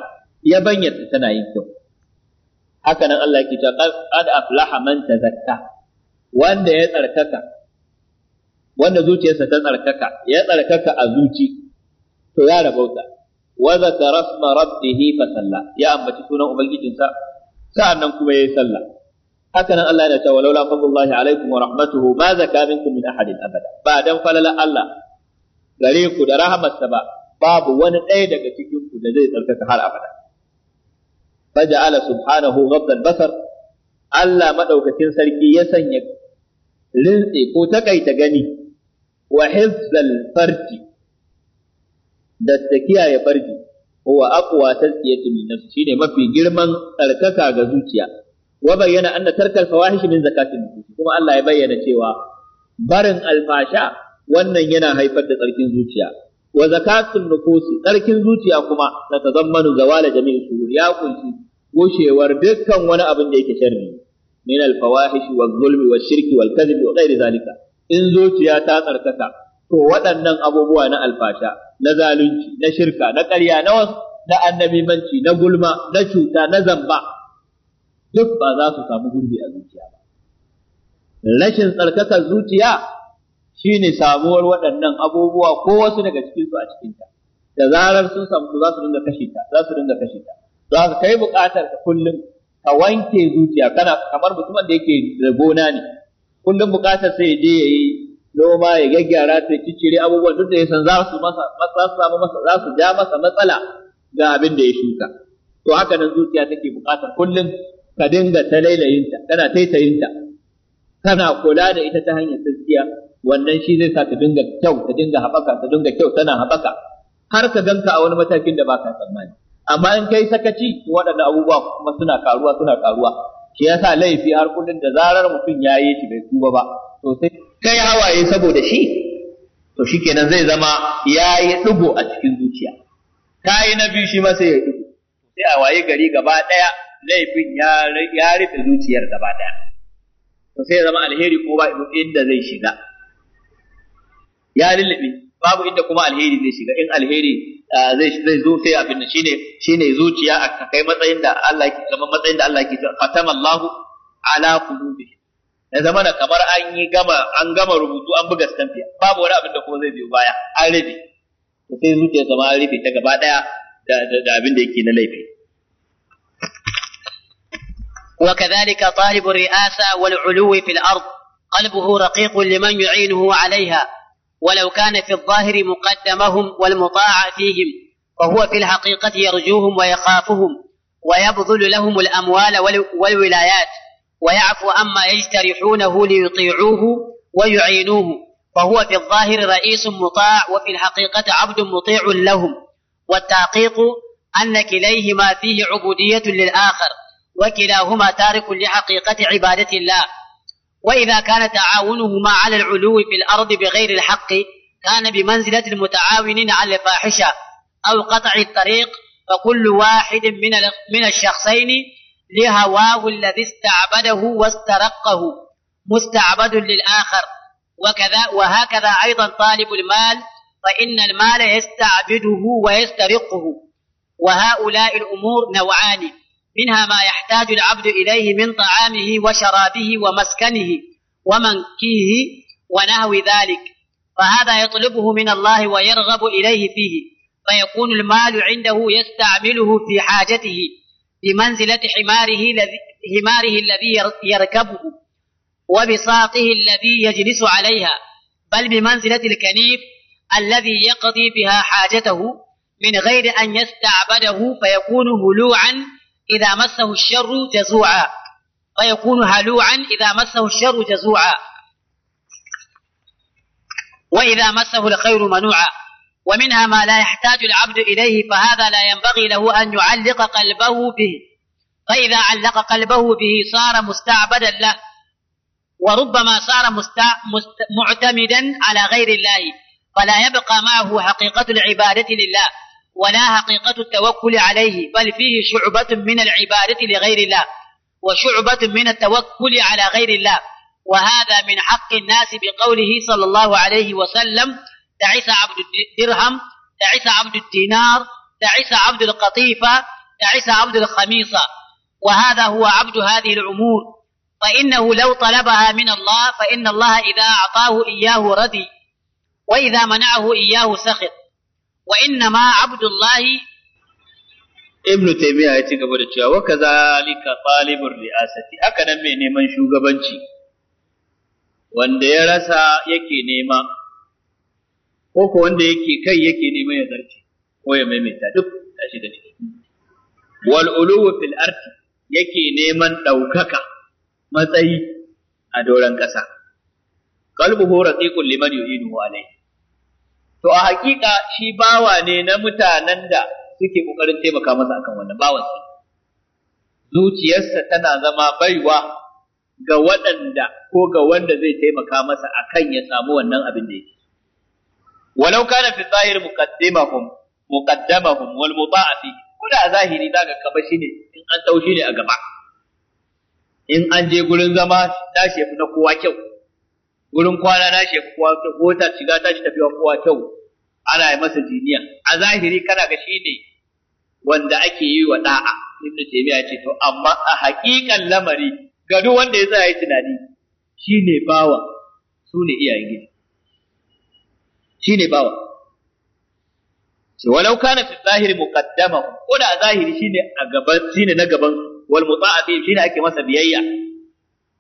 Speaker 1: ya banyarta tana yin kyau haka nan Allah ke cewa qad aflaha man tazakka wanda ya tsarkaka wanda zuciyarsa ta tsarkaka ya tsarkaka a zuci to ya rabauta wa zakara isma rabbih fa salla ya ambaci sunan ubangijinsa nan kuma yayi sallah haka nan Allah yana cewa laula fadlullahi alaikum wa rahmatuhu ma zaka minkum min ahadin abada ba dan falala Allah gare ku da rahamarsa ba babu wani ɗaya daga cikin ku da zai tsarkaka har abada faja'ala subhanahu ghabdal basar Allah madaukakin sarki ya sanya rintse ko takaita gani wa hifzal farji da ta kiyaye farji huwa aqwa tazkiyatu min nafsi shine mafi girman tsarkaka ga zuciya wa bayyana anna tarkal fawahish min zakatin nufus kuma Allah ya bayyana cewa barin alfasha wannan yana haifar da tsarkin zuciya wa zakatun nufusi tsarkin zuciya kuma na tazammanu zawala jami'in shuhur ya kunshi goshewar dukkan wani abin da yake sharri min al-fawahish wa zulmi wa shirki wal kadhib wa ghairi zalika in zuciya ta tsarkaka to waɗannan abubuwa na alfasha na zalunci na shirka na ƙarya na wasu na annabimanci na gulma na cuta na zamba duk ba za su samu gurbi a zuciya ba rashin tsarkakar zuciya ne samuwar waɗannan abubuwa ko wasu daga cikin su a cikin ta da zarar sun samu za su dinga kashe ta za su dinga kashe ta za ka kai buƙatar ka kullum ka wanke zuciya kana kamar mutumin da yake rabona gona ne kullum buƙatar sai je yayi noma ya gaggyara ta ciccire abubuwan duk da ya san za su masa za su samu masa za su ja masa matsala ga abin da ya shuka to haka nan zuciya take buƙatar kullum ka dinga ta lailayinta kana taitayinta kana kula da ita ta hanyar ta wannan shi zai sa ta dinga kyau ta dinga haɓaka ta dinga kyau tana haɓaka har ka ganka a wani matakin da baka tsammani amma in kai sakaci waɗannan abubuwa kuma suna karuwa suna karuwa shi yasa laifi har kullun da zarar mutum ya yi shi bai tuba ba to sai kai hawaye saboda shi to shikenan zai zama ya yi ɗigo a cikin zuciya ka yi na biyu shi ma sai ya ɗigo sai a waye gari gaba ɗaya laifin ya rufe zuciyar gaba ɗaya to sai ya zama alheri ko ba inda zai shiga ya lullube babu inda kuma alheri zai shiga in alheri ah, zai zai zo sai abin da shine shine zuciya a kai matsayin da Allah yake kamar matsayin da Allah yake fatamallahu ala qulubi ya zama da kamar an yi gama an gama rubutu an buga stamp babu wani abin da kuma zai biyo baya an rabe to sai zuciya zama an rabe ta gaba daya da abin da yake na laifi
Speaker 2: وكذلك طالب الرئاسة والعلو في الأرض قلبه رقيق لمن يعينه عليها ولو كان في الظاهر مقدمهم والمطاع فيهم وهو في الحقيقة يرجوهم ويخافهم ويبذل لهم الأموال والولايات ويعفو عما يجترحونه ليطيعوه ويعينوه فهو في الظاهر رئيس مطاع وفي الحقيقة عبد مطيع لهم والتحقيق أن كليهما فيه عبودية للآخر وكلاهما تارك لحقيقة عبادة الله وإذا كان تعاونهما على العلو في الأرض بغير الحق كان بمنزلة المتعاونين على الفاحشة أو قطع الطريق فكل واحد من من الشخصين لهواه الذي استعبده واسترقه مستعبد للآخر وكذا وهكذا أيضا طالب المال فإن المال يستعبده ويسترقه وهؤلاء الأمور نوعان منها ما يحتاج العبد إليه من طعامه وشرابه ومسكنه ومنكيه ونحو ذلك فهذا يطلبه من الله ويرغب إليه فيه فيكون المال عنده يستعمله في حاجته بمنزلة حماره الذي حماره الذي يركبه وبساطه الذي يجلس عليها بل بمنزلة الكنيف الذي يقضي بها حاجته من غير أن يستعبده فيكون هلوعا إذا مسه الشر جزوعا ويكون هلوعا إذا مسه الشر جزوعا وإذا مسه الخير منوعا ومنها ما لا يحتاج العبد إليه فهذا لا ينبغي له أن يعلق قلبه به فإذا علق قلبه به صار مستعبدا له وربما صار مستع... مست... معتمدا على غير الله فلا يبقى معه حقيقة العبادة لله ولا حقيقة التوكل عليه بل فيه شعبة من العبادة لغير الله وشعبة من التوكل على غير الله وهذا من حق الناس بقوله صلى الله عليه وسلم تعس عبد الدرهم تعس عبد الدينار تعس عبد القطيفة تعس عبد الخميصة وهذا هو عبد هذه الأمور فإنه لو طلبها من الله فإن الله إذا أعطاه إياه رضي وإذا منعه إياه سخط wa inna ma abdullahi
Speaker 1: ibn taymiya ya ci gaba da cewa wa kazalika talibur ri'asati haka nan mai neman shugabanci wanda ya rasa yake nema ko ko wanda yake kai yake nema ya zarce ko ya maimaita duk ta da ciki wal uluwu fil ardi yake neman ɗaukaka matsayi a doron ƙasa qalbuhu raqiqun liman yu'inu alayhi to a hakika shi bawa ne na mutanen da suke kokarin taimaka masa akan wannan bawan sa zuciyarsa tana zama baiwa ga waɗanda ko ga wanda zai taimaka masa akan ya samu wannan abin da yake walau kana fi zahir muqaddimahum muqaddamahum wal muta'a fi zahiri zaka kaba ne in an taushi ne a gaba in an je gurin zama tashi fi na kowa kyau gurin kwana na shi kuwa ta gota shiga ta shi tafiya kowa kyau ana yi masa jiniya a zahiri kana ga shi ne wanda ake yi wa da'a ibn taymiya ce to amma a haƙiƙan lamari ga duk wanda ya tsaya yi tunani shine bawa su ne iyayen gidi shine bawa ce walau kana fi zahiri muqaddama ko da a zahiri shine a gaban shine na gaban wal muta'a shine ake masa biyayya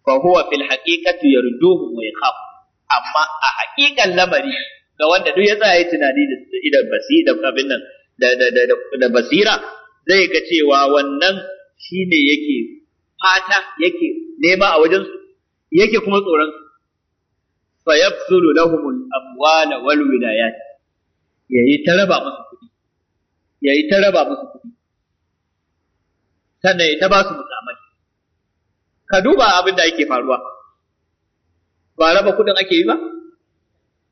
Speaker 1: fa huwa fil haqiqati yarduhu wa yakhaf amma a haƙiƙan lamari ga wanda duk ya tsaya tunani da idan basira abin nan da da da basira zai ga cewa wannan shine yake fata yake nema a wajen su yake kuma tsoron su fa yabzulu lahum al amwala wal wilayat yayi ta raba musu kuɗi yayi ta raba musu kuɗi sannan ya ta ba su mukamai ka duba abin da yake faruwa ba raba kudin ake yi ba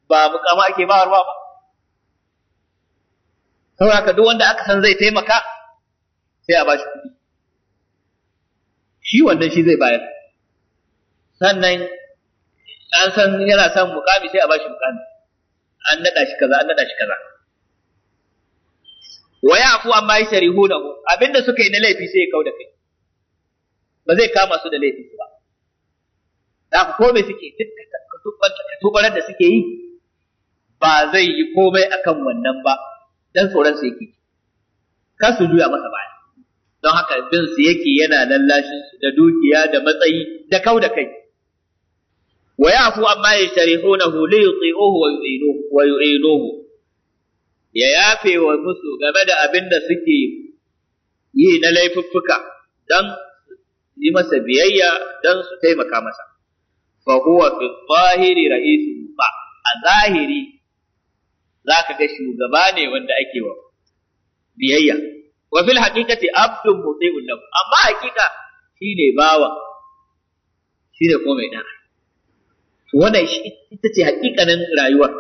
Speaker 1: ba mukama ake ba ruwa ba saboda ka duk wanda aka san zai taimaka sai a bashi kudi shi wannan shi zai bayar sannan an san yana son mukami sai a bashi mukami an naɗa shi kaza an nada shi kaza wa ya'fu amma yashrihuna abinda suka yi na laifi sai ya kauda kai ba zai kama su da laifin su ba da ku kome suke tubarar da suke yi ba zai yi komai akan wannan ba dan tsoron su yake kan su juya masa baya don haka bin su yake yana lallashin su da dukiya da matsayi da kau da kai wa yafu amma yashrihunahu li yuti'uhu wa yu'inuhu wa yu'inuhu ya yafe wa musu game da abin da suke yi na laifuffuka dan yi masa biyayya don su taimaka masa fa huwa fi zahiri ra'isul ba a zahiri ka ga shugaba ne wanda ake wa biyayya wa fil ce abdun muti'un lahu amma shi shine bawa shine ko mai da. to wannan ita ce haƙiƙanin rayuwar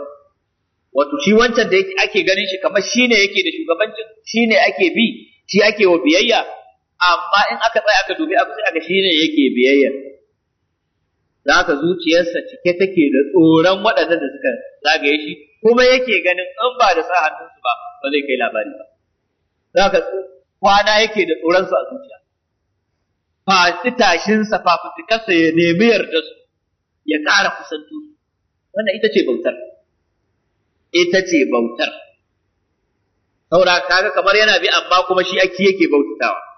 Speaker 1: wato shi wancan da ake ganin shi kamar shine yake da shugabancin shine ake bi shi ake wa biyayya amma in aka tsaya aka dubi abu sai aka ne yake biyayya za ka zuciyarsa cike take da tsoron waɗanda da suka zagaye shi kuma yake ganin in ba da sa hannunsu ba ba zai kai labari ba za ka kwana yake da tsoronsu a zuciya fasi tashinsa fafutukarsa ya nemi yarda su ya ƙara kusantu wannan ita ce bautar ita ce bautar saura kaga kamar yana bi amma kuma shi aki yake bautawa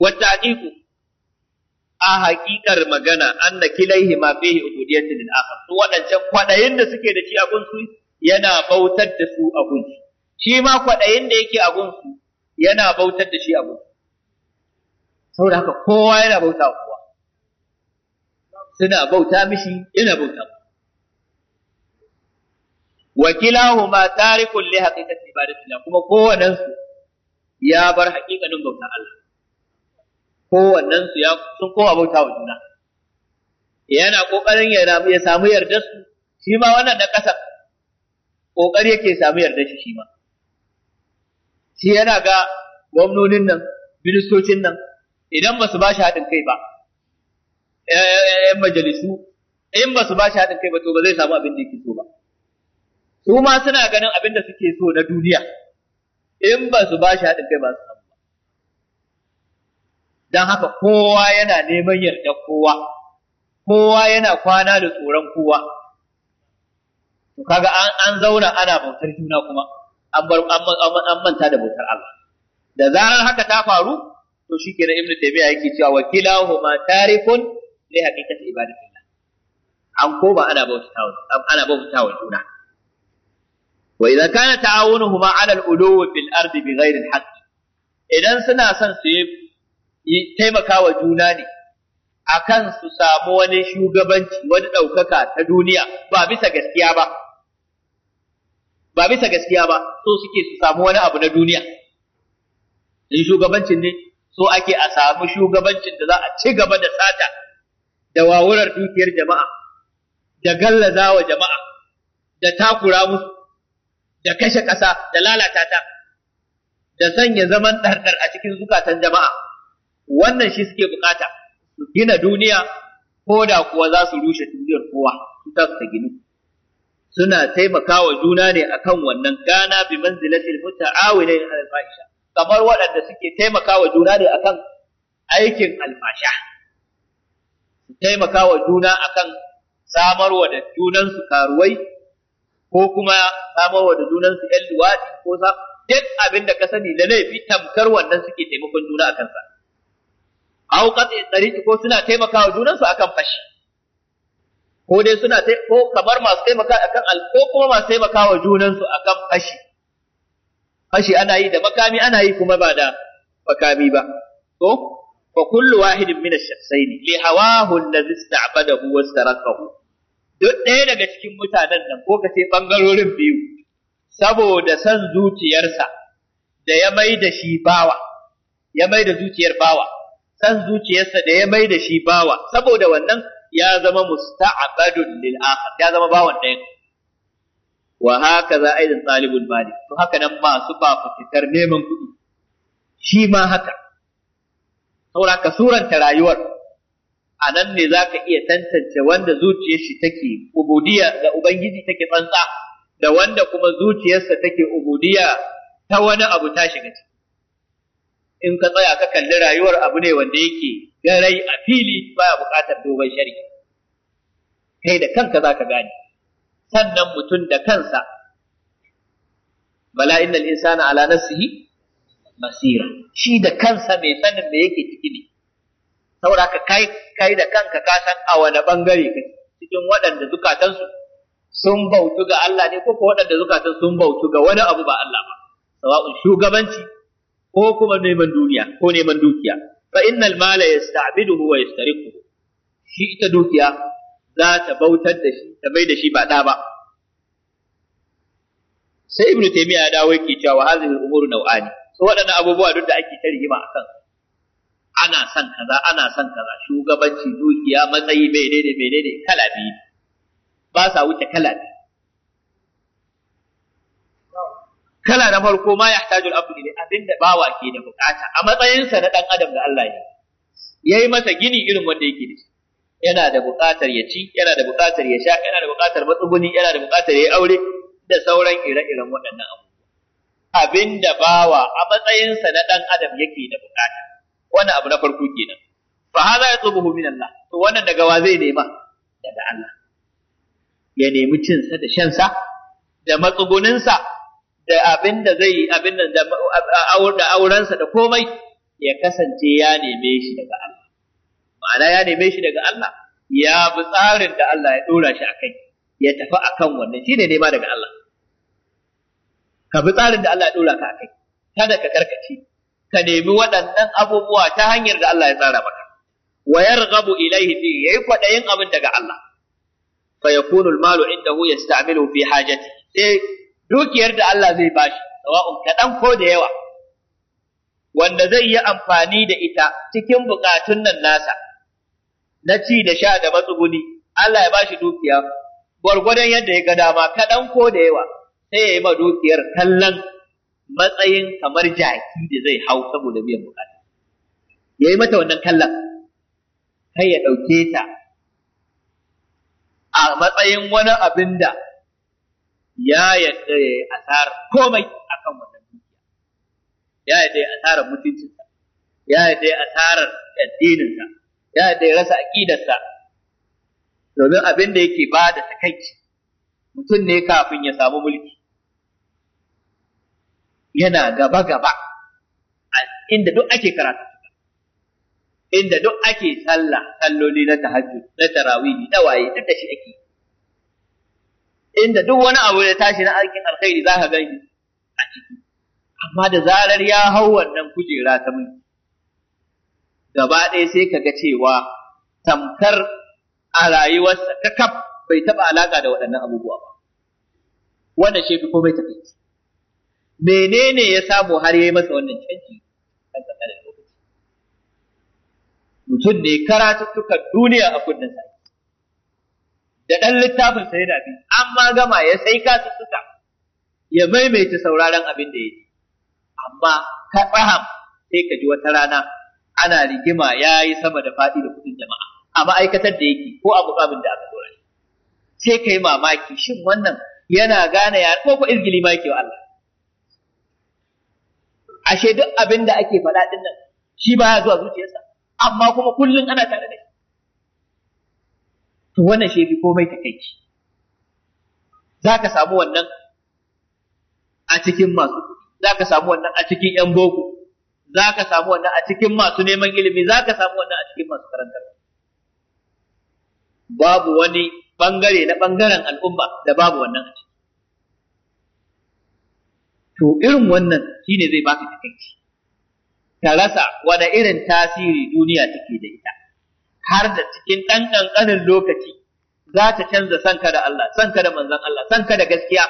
Speaker 1: wata a haƙiƙar magana anna kilaihi ma fihi ubudiyatin lil akhar to wadancan kwadayin da suke da shi a gunsu yana bautar da su a gunsu shi ma kwadayin da yake a gunsu yana bautar da shi a gunsu saboda haka kowa yana bauta kowa suna bauta mishi yana bauta wa kilahuma tarikun li haqiqati ibadatillah kuma kowannen su ya bar haƙiƙanin bautar Allah kowannensu ya sun koma bauta wa juna yana kokarin ya samu yarda su shi ma wannan na ƙasa kokari yake samu yarda shi shi ma shi yana ga gwamnonin nan ministocin nan idan ba su ba shi haɗin kai ba ‘yan majalisu in ba su ba shi haɗin kai ba to ba zai samu abin da yake so ba su ma suna ganin abin da suke so na duniya in ba su ba shi haɗin kai ba su don haka kowa yana neman yardar kowa kowa yana kwana da tsoron kowa to kaga an an zauna ana bautar juna kuma an bar an manta da bautar Allah da zarar haka ta faru to shikenan ibnu taymiya yake cewa wa kilahuma tarikun li haqiqati ibadatillah an koma ana bautawa ana bautawa juna wa idza kana ta'awunuhuma 'ala al-uluwi fil ardi bighayri al-haqq idan suna son su yi taimakawa juna ne akan su samu wani shugabanci wani ɗaukaka ta duniya ba bisa gaskiya ba ba bisa gaskiya ba so suke su samu wani abu na duniya in shugabancin ne so ake a samu shugabancin da za a ci gaba da sata da wawurar dukiyar jama'a da gallaza wa jama'a da takura musu da kashe ƙasa da lalata ta da sanya zaman ɗarɗar a cikin zukatan jama'a wannan shi suke bukata su gina duniya ko da kuwa za su rushe duniyar kowa su ta su ginu suna taimakawa juna ne akan wannan gana bi manzilatil muta'awilin al-fahisha kamar waɗanda suke taimakawa juna ne akan aikin alfasha su taimakawa juna akan samarwa da junansu karuwai ko kuma samarwa da junansu 'yan luwaɗi ko duk abin da ka sani da laifi tamkar wannan suke taimakon juna a sa. aw qati tariqi ko suna taimakawa junansu akan fashi ko dai suna ko kamar masu taimaka akan al ko kuma masu taimakawa junansu akan fashi fashi ana yi da makami ana yi kuma ba da makami ba to fa kullu wahidin min ash-shakhsayn li hawahu alladhi ista'badahu wa istarakahu duk ɗaya daga cikin mutanen nan ko kace bangarorin biyu saboda san zuciyarsa da ya mai da shi bawa ya mai da zuciyar bawa san zuciyarsa da ya mai da shi bawa saboda wannan ya zama musta'abadun lil akhar ya zama bawan ɗayan wa haka za aidan talibul mali to haka nan masu ba fitar neman kuɗi shi ma haka saboda ka suranta rayuwar a nan ne za ka iya tantance wanda zuciyar shi take ubudiya ga ubangiji take tsantsa da wanda kuma zuciyarsa take ubudiya ta wani abu ta shiga ciki in ka tsaya ka kalli rayuwar abu ne wanda yake garai a fili baya buƙatar dogon shari kai da kanka za ka gane sannan mutum da kansa bala innal insana ala nafsihi basira shi da kansa mai sanin me yake ciki ne saboda ka kai kai da kanka ka san a wani bangare ka cikin waɗanda zukatansu sun bautu ga Allah ne ko ko waɗanda zukatan sun bautu ga wani abu ba Allah ba sawa'un shugabanci ko kuma neman duniya ko neman dukiya fa innal mala yasta'biduhu wa yastariqu shi ita dukiya za ta bautar da shi ta bai da shi ba da ba sai ibnu taymiya ya dawo yake cewa hadhihi umuru nau'ani so waɗannan abubuwa duk da ake ta rigima akan ana son kaza ana san kaza shugabanci dukiya matsayi bai menene kala biyu ba sa wuce kala biyu kala na farko ma yahtaju al-abdu ilai abinda bawa ke da bukata a matsayinsa na dan adam da Allah ya yayi masa gini irin wanda yake da shi yana da buƙatar ya ci yana da buƙatar ya sha yana da buƙatar matsuguni yana da buƙatar ya aure da sauran ire-iren waɗannan abubuwa abinda bawa a matsayinsa na ɗan adam yake da buƙata wannan abu na farko kenan fa hada ya tsubuhu min Allah to wannan daga wa zai nema daga Allah ya nemi cin sa da shan sa da matsugunin sa da abin da zai abin da da aurensa da komai ya kasance ya neme shi daga Allah ma'ana ya neme shi daga Allah ya bi tsarin da Allah ya dora shi akai ya tafi akan wannan shine nema daga Allah ka bi tsarin da Allah ya dora ka akai kada ka karkace ka nemi waɗannan abubuwa ta hanyar da Allah ya tsara maka wa yarghabu ilayhi fi yayi kwadayin abin daga Allah fa yakunu al-malu indahu yasta'milu fi hajati sai dukiyar da Allah zai bashi sawa'un kaɗan ko da yawa wanda zai yi amfani da ita cikin bukatun nan nasa na ci da sha da matsuguni Allah ya bashi dukiya gwargwadon yadda ya ga dama kaɗan ko da yawa sai ya yi ma dukiyar kallon matsayin kamar jaki da zai hau saboda biyan bukata ya yi mata wannan kallon kai ya ɗauke ta a matsayin wani abin da ya yadda ya yi asarar komai a kan wannan dukiya ya yadda ya asarar mutuncinsa ya yadda ya asarar addininsa ya yadda ya rasa aƙidarsa domin abin da yake ba da takaici mutum ne kafin ya samu mulki yana gaba-gaba inda duk ake karatu inda duk ake sallah salloli na tahajjud na tarawih na waye duk da shi ake yi inda duk wani abu ya tashi na aikin alkhairi za ka gani a ciki amma da zarar ya hau wannan kujera ta mulki gaba ɗaya sai ka ga cewa tamkar a rayuwarsa kakaf bai taɓa alaƙa da waɗannan abubuwa ba wannan shi fi komai takaici menene ya samu har ya yi masa wannan canji kan tsakanin lokaci mutum ne karatuttukan duniya a kunnen sa da ɗan littafin sai da an amma gama ya sai kasu suka ya maimaita sauraron abin da ya ji amma ka tsaham sai ka ji wata rana ana rigima ya yi sama da faɗi da kudin jama'a a ma'aikatar da yake ko a mukamin da aka dora sai ka yi mamaki shin wannan yana gane ya ko ko izgili ma ke wa Allah ashe duk abin da ake faɗa ɗin nan shi baya zuwa zuciyarsa amma kuma kullum ana tare da shi to wannan shi bi komai kai za ka samu wannan a cikin masu za ka samu wannan a cikin yan boko za ka samu wannan a cikin masu neman ilimi za ka samu wannan a cikin masu karanta babu wani bangare na bangaren al'umma da babu wannan a ciki to irin wannan shine zai baka takaici ka rasa wani irin tasiri duniya take da ita har da cikin ɗan ƙanƙanin lokaci za ta canza sanka da Allah sanka da manzon Allah sanka da gaskiya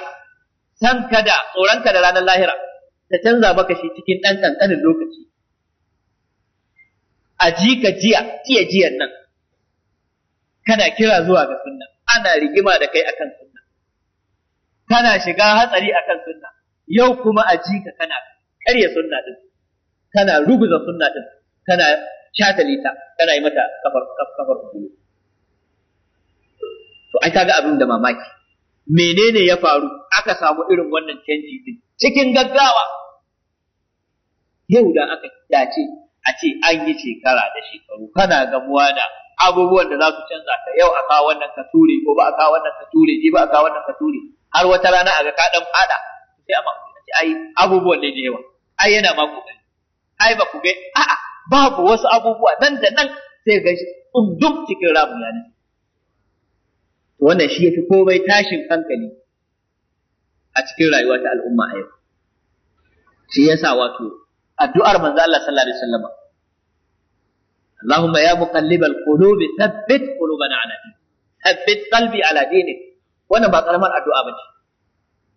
Speaker 1: sanka da tsoronka da ranar lahira ta canza maka shi cikin ɗan ƙanƙanin lokaci a ji ka jiya iya jiyan nan kana kira zuwa ga sunna ana rigima da kai akan sunna kana shiga hatsari akan sunna yau kuma a ji ka kana karya sunna din kana ruguza sunna din kana shatale ta kana yi mata kafar kafar kulu to ai kaga abin da mamaki menene ya faru aka samu irin wannan canji din cikin gaggawa yau da aka dace a ce an yi shekara da shekaru kana gamuwa da abubuwan da za su canza ka yau a kawo wannan ka ture ko ba a kawo wannan ka ture ji ba a kawo wannan ka ture har wata rana a ga ka dan fada sai a ce ai abubuwan ne da yawa ai yana ma kokari ai ba ku ga a'a babu wasu abubuwa nan da nan sai ga shi tsundum cikin ramu ya wannan shi yafi komai tashin hankali a cikin rayuwa ta al'umma a yau shi yasa wato addu'ar manzo Allah sallallahu alaihi wasallam اللهم يا مقلب القلوب ثبت قلوبنا على دينك ثبت قلبي على دينك wannan ba ƙaramar addu'a bace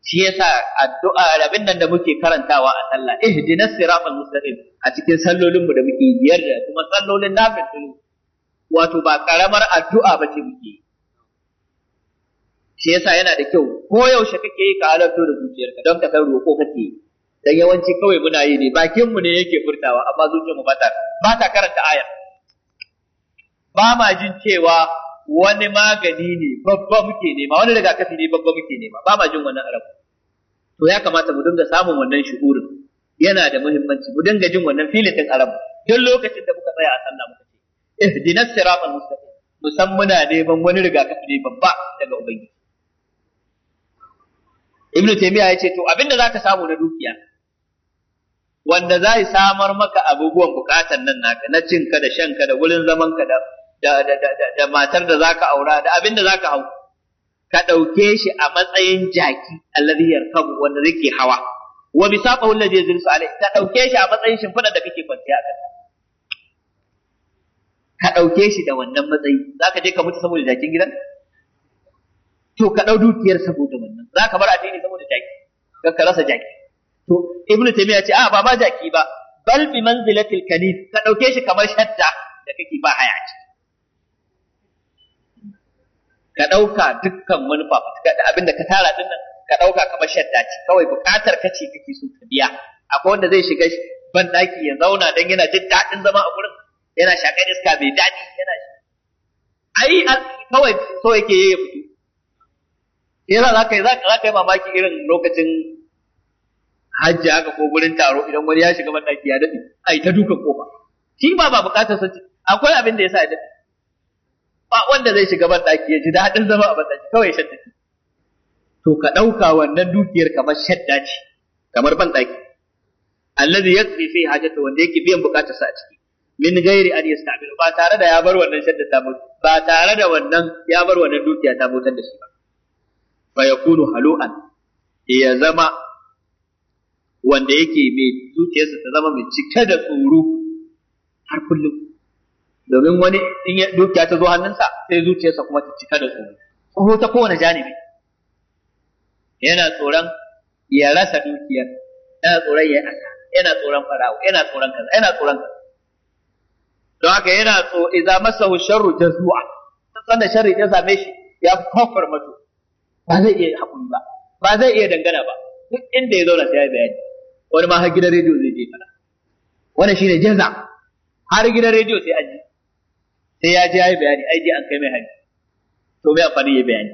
Speaker 1: shi yasa addu'a abin nan da muke karantawa a sallah ihdinas siratal mustaqim a cikin sallolin mu da muke biyar da kuma sallolin nafilu wato ba karamar addu'a ba ce muke shi yasa yana da kyau ko yaushe kake yi ka halarto da zuciyarka don ka kai roƙo kake dan yawanci kawai muna yi ne bakin mu ne yake furtawa amma zuciyarmu ba ta ba ta karanta ayar ba ma jin cewa wani magani ne babba muke nema wani rigakafi ne babba muke nema ba ma jin wannan arabu to ya kamata mu dinga samun wannan shuhurin yana da muhimmanci mu dinga jin wannan filin din arabu duk lokacin da muka tsaya a sallah muka ce ihdinas siratal mustaqim musan muna neman wani rigakafi ne babba daga ubangiji ibnu taymiya ya ce to abinda zaka samu na dukiya wanda zai samar maka abubuwan bukatan nan naka na cinka da shanka da wurin zaman ka da da matar da zaka aura da abin da zaka hau ka ɗauke shi a matsayin jaki alladhi yarkabu wanda zai hawa wa bisaqahu alladhi yajlisu alayhi ka ɗauke shi a matsayin shimfiɗa da kake kwanciya a ka ɗauke shi da wannan matsayi zaka je ka mutu saboda jakin gidan to ka ɗau dukiyar saboda wannan zaka bar addini saboda jaki ka ka rasa jaki to ibnu taymiya ce a ba ma jaki ba bal bi manzilatil kanif ka ɗauke shi kamar shadda da kake ba haya ce ka ɗauka dukkan manufa da abin da ka tara din nan ka ɗauka kamar shadda ce kawai buƙatar ka ce kake so ka biya akwai wanda zai shiga ban daki ya zauna dan yana jin daɗin zama a gurin yana shaƙar iska mai daɗi yana ai kawai so yake yi ya fito yana za ka yi za ka yi mamaki irin lokacin hajji haka ko gurin taro idan wani ya shiga ban daki ya daɗe ai ta duka kofa shi ba ba buƙatar sa akwai abin da ya sa ya daɗi. ba wanda zai shiga ban daki ya ji daɗin zama a ban daki kawai shadda ce to ka ɗauka wannan dukiyar kamar shadda ce kamar ban daki allazi yaqdi fi hajatu wanda yake biyan bukatarsa a ciki min gairi an yastabilu ba tare da ya bar wannan shadda ta ba tare da wannan ya bar wannan dukiya ta mutar da shi ba fa yakunu halu'an ya zama wanda yake mai dukiyarsa ta zama mai cike da tsoro har kullum domin wani in ya dukiya ta zo hannunsa sai zuciyarsa kuma ta cika da tsoro tsoro ta kowane janibi yana tsoron ya rasa dukiyar yana tsoron ya asa yana tsoron farawo yana tsoron kaza yana tsoron kaza don haka yana so idza masahu sharru jazua san da sharri ya same shi ya kofar mato ba zai iya hakuri ba ba zai iya dangana ba duk inda ya zauna sai ya bayani wani ma har gidan rediyo zai je fara wannan shine jaza har gidan rediyo sai an sai ya ji ya yi bayani ai ji an kai mai hari to mai amfani ya bayani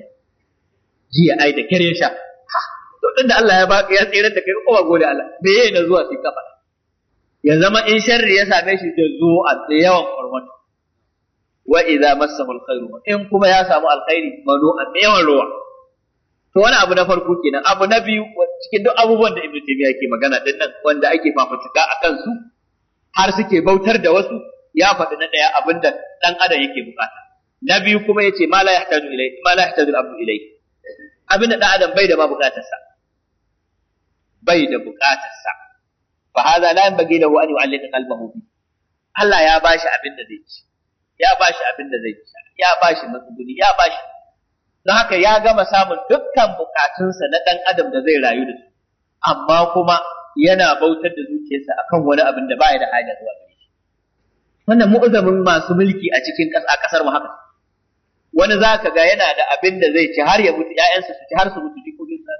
Speaker 1: ji ai da kare sha to din da Allah ya ba ya tsere da kai kowa gode Allah me yayi na zuwa sai kafa ya zama in sharri ya same shi da zuwa da yawan kurmatu wa idza massahu alkhairu in kuma ya samu alkhairi manu a yawan ruwa to wani abu na farko kenan abu na biyu cikin duk abubuwan da Ibn Taymiyyah ke magana din nan wanda ake fafutuka akan su har suke bautar da wasu ya faɗi na ɗaya abinda ɗan adam yake bukata na biyu kuma yace ma la yahtaju ilai ma ya yahtaju al abu ilai da ɗan adam bai da ma bukatarsa bai da bukatarsa fa hadha la da lahu an yu'allika qalbahu bi Allah ya bashi abinda zai ci ya bashi abinda zai ci ya bashi matsuguni ya bashi don haka ya gama samun dukkan bukatunsa na ɗan adam da zai rayu da su amma kuma yana bautar da zuciyarsa akan wani abin da baya da hajjar zuwa wannan mu'azamin masu mulki a cikin ƙasa ƙasar mu haka wani za ka ga yana da abin da zai ci har ya mutu ƴaƴansa su ci har su mutu jikokin sa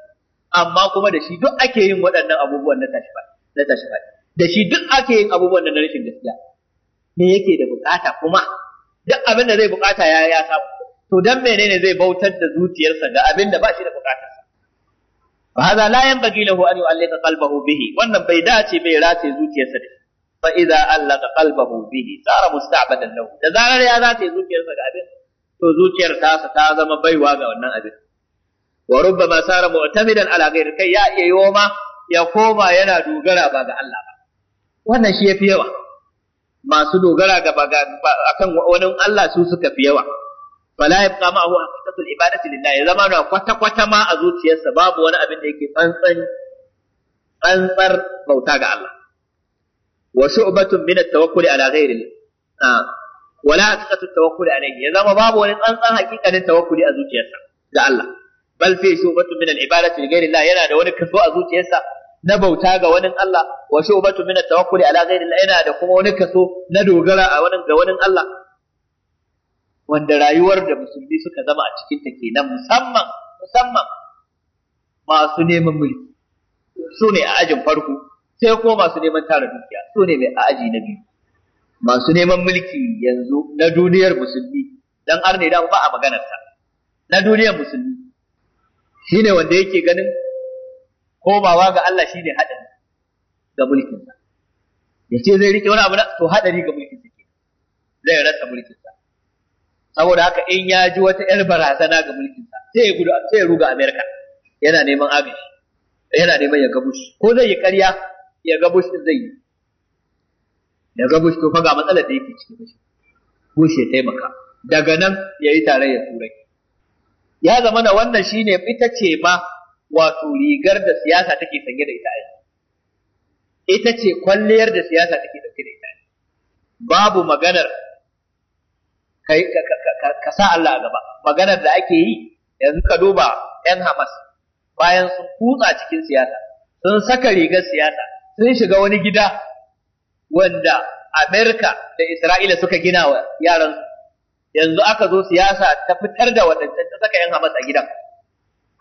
Speaker 1: amma kuma da shi duk ake yin waɗannan abubuwan na tashi na tashi da shi duk ake yin abubuwan na rashin gaskiya me yake da bukata kuma duk abin da zai bukata ya ya samu to dan menene zai bautar da zuciyarsa ga abin da ba shi da bukata fa hada la yanbaghi lahu an yu'allika qalbahu bihi wannan bai dace bai race zuciyarsa da fa idza allaqa qalbahu bihi sara musta'badan lahu da zarar ya zata zuciyarsa ga abin to zuciyar tasa ta zama baiwa ga wannan abin wa rubbama sara mu'tamidan ala ghairi kai ya iya yiwo ma ya koma yana dogara ba ga Allah ba wannan shi yafi yawa masu dogara ga ba akan wani Allah su suka fi yawa fala yabqa ma'ahu haqiqatul ibadati lillahi ya zama na kwata kwata ma a zuciyarsa babu wani abin da yake tsantsan tsantsar bauta ga Allah wa shu'batun min at-tawakkul ala ghairi ah, wala haqiqatu at-tawakkul alayhi ya zama babu wani tsantsan haƙiƙanin tawakkuli a zuciyarsa ga Allah bal fi shu'batun min al-ibadati li ghairi Allah yana da wani kaso a zuciyarsa na bauta ga wani Allah wa shu'batun min at-tawakkul ala ghairi Allah yana da kuma wani kaso na dogara a wani ga wani Allah wanda rayuwar da musulmi suka zama a cikin ta kenan musamman masu neman su ne a ajin farko sai kuma masu neman tara dukiya su ne mai aji na biyu masu neman mulki yanzu na duniyar musulmi dan arne da ba a maganar ta na duniyar musulmi shine wanda yake ganin komawa ga Allah shine hadari ga mulkin sa yace zai rike wani abu na? to hadari ga mulkin sa zai rasa mulkin sa saboda haka in ya ji wata yar barazana ga mulkin sa sai ya gudu sai ya ruga America yana neman agaji yana neman ya ko zai yi ƙarya ya ga bush zai yi ya ga bush to fa ga matsalar da yake cikin bush bush ya taimaka daga nan ya yi tarayyar turai ya zama da wannan shine ita ce ma wato rigar da siyasa take sanye da ita ita ce kwalliyar da siyasa take dauke da ita babu maganar ka sa Allah a gaba maganar da ake yi yanzu ka duba 'yan Hamas bayan sun kutsa cikin siyasa sun saka rigar siyasa sun shiga wani gida wanda Amerika da Isra'ila suka gina wa yaran yanzu aka zo siyasa ta fitar da waɗancan ta saka 'yan Hamas a gidan.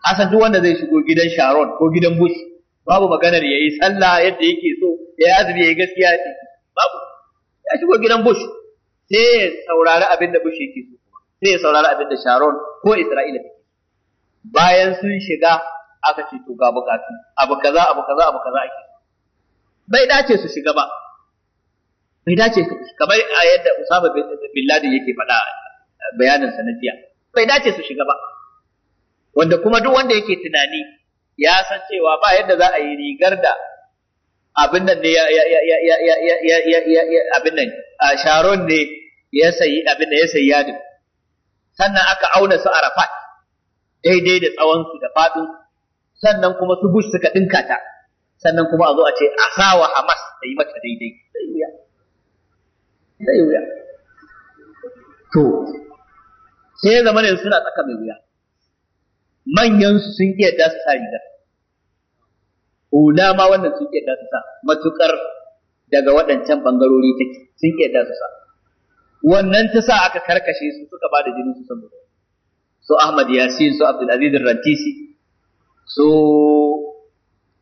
Speaker 1: Hassan duk wanda zai shigo gidan Sharon ko gidan Bush babu maganar ya yi sallah yadda yake so ya yi azumi ya yi gaskiya ya babu ya shigo gidan Bush sai ya saurari abin da Bush yake so sai ya saurari abin da Sharon ko Isra'ila take bayan sun shiga aka ce to ga bukatu abu kaza abu kaza abu kaza ake bai dace su shiga ba bai dace su kamar a yadda Usama bin Laden yake faɗa bayanin sa na jiya bai dace su shiga ba wanda kuma duk wanda yake tunani ya san cewa ba yadda za a yi rigar da abin nan ne ya ya ya ya abin nan Sharon ne ya sayi abin da ya sayi yadin sannan aka auna su Arafat daidai da tsawon su da faɗin sannan kuma su Bush suka dinka ta sannan kuma a zo a ce a sa wa Hamas ta yi mata daidai zai wuya zai wuya to sai zama ne suna tsaka mai wuya manyan su sun iya da su sa riga hula ma wannan sun iya da su sa matukar daga waɗancan bangarori take sun iya da su sa wannan ta sa aka karkashe su suka ba da jinin su saboda su Ahmad Yasin su Abdul Aziz Rantisi su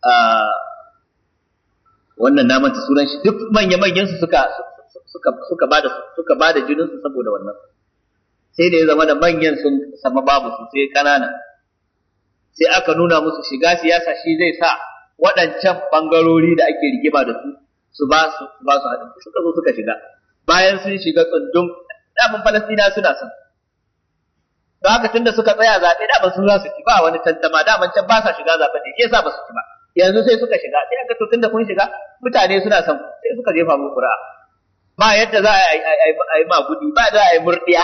Speaker 1: Uh, wannan na manta sunan shi duk manya-manyan su suka suka suka bada suka bada jinin su saboda wannan sai da ya zama da manyan sun sama babu su sai kanana sai aka nuna musu shiga siyasa shi zai sa waɗancan bangarori da ake rigima da su su ba su ba su haɗin suka zo suka shiga bayan sun shiga tsundum damin falastina suna son ba haka tunda suka tsaya zaɓe daman sun za su ci ba wani tantama daman can ba sa shiga zaɓe ne ke sa ba su ci ba yanzu sai suka shiga sai aka to tunda kun shiga mutane suna son sai suka jefa mu qur'a ba yadda za a yi magudi ba za a yi murdiya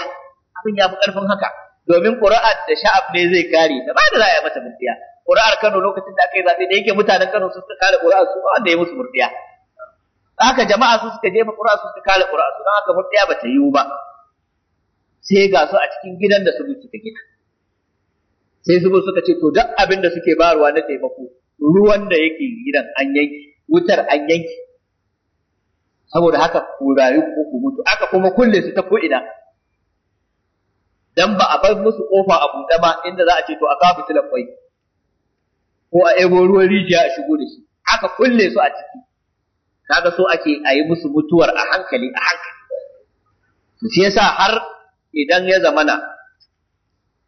Speaker 1: abin ya fi karfin haka domin qur'a da sha'ab ne zai kare ta ba da za a yi mata murdiya qur'a Kano lokacin da aka yi zabe da yake mutanen Kano su suka kare qur'a su ba da ya musu murdiya haka jama'a su suka jefa qur'a su suka kare qur'a su don haka murdiya ba ta yiwu ba sai ga su a cikin gidan da su suka gina sai su suka ce to duk abin da suke barwa na taimako ruwan da yake gidan an yanki wutar an yanki saboda haka ku rayu ko ku mutu aka kuma kulle su ta ko ina dan ba a bar musu kofa a buɗe ba inda za a ce to a kafa tilan kwai ko a ebo ruwan rijiya a shigo da shi aka kulle su a ciki kaga so ake a yi musu mutuwar a hankali a hankali to shi yasa har idan ya zamana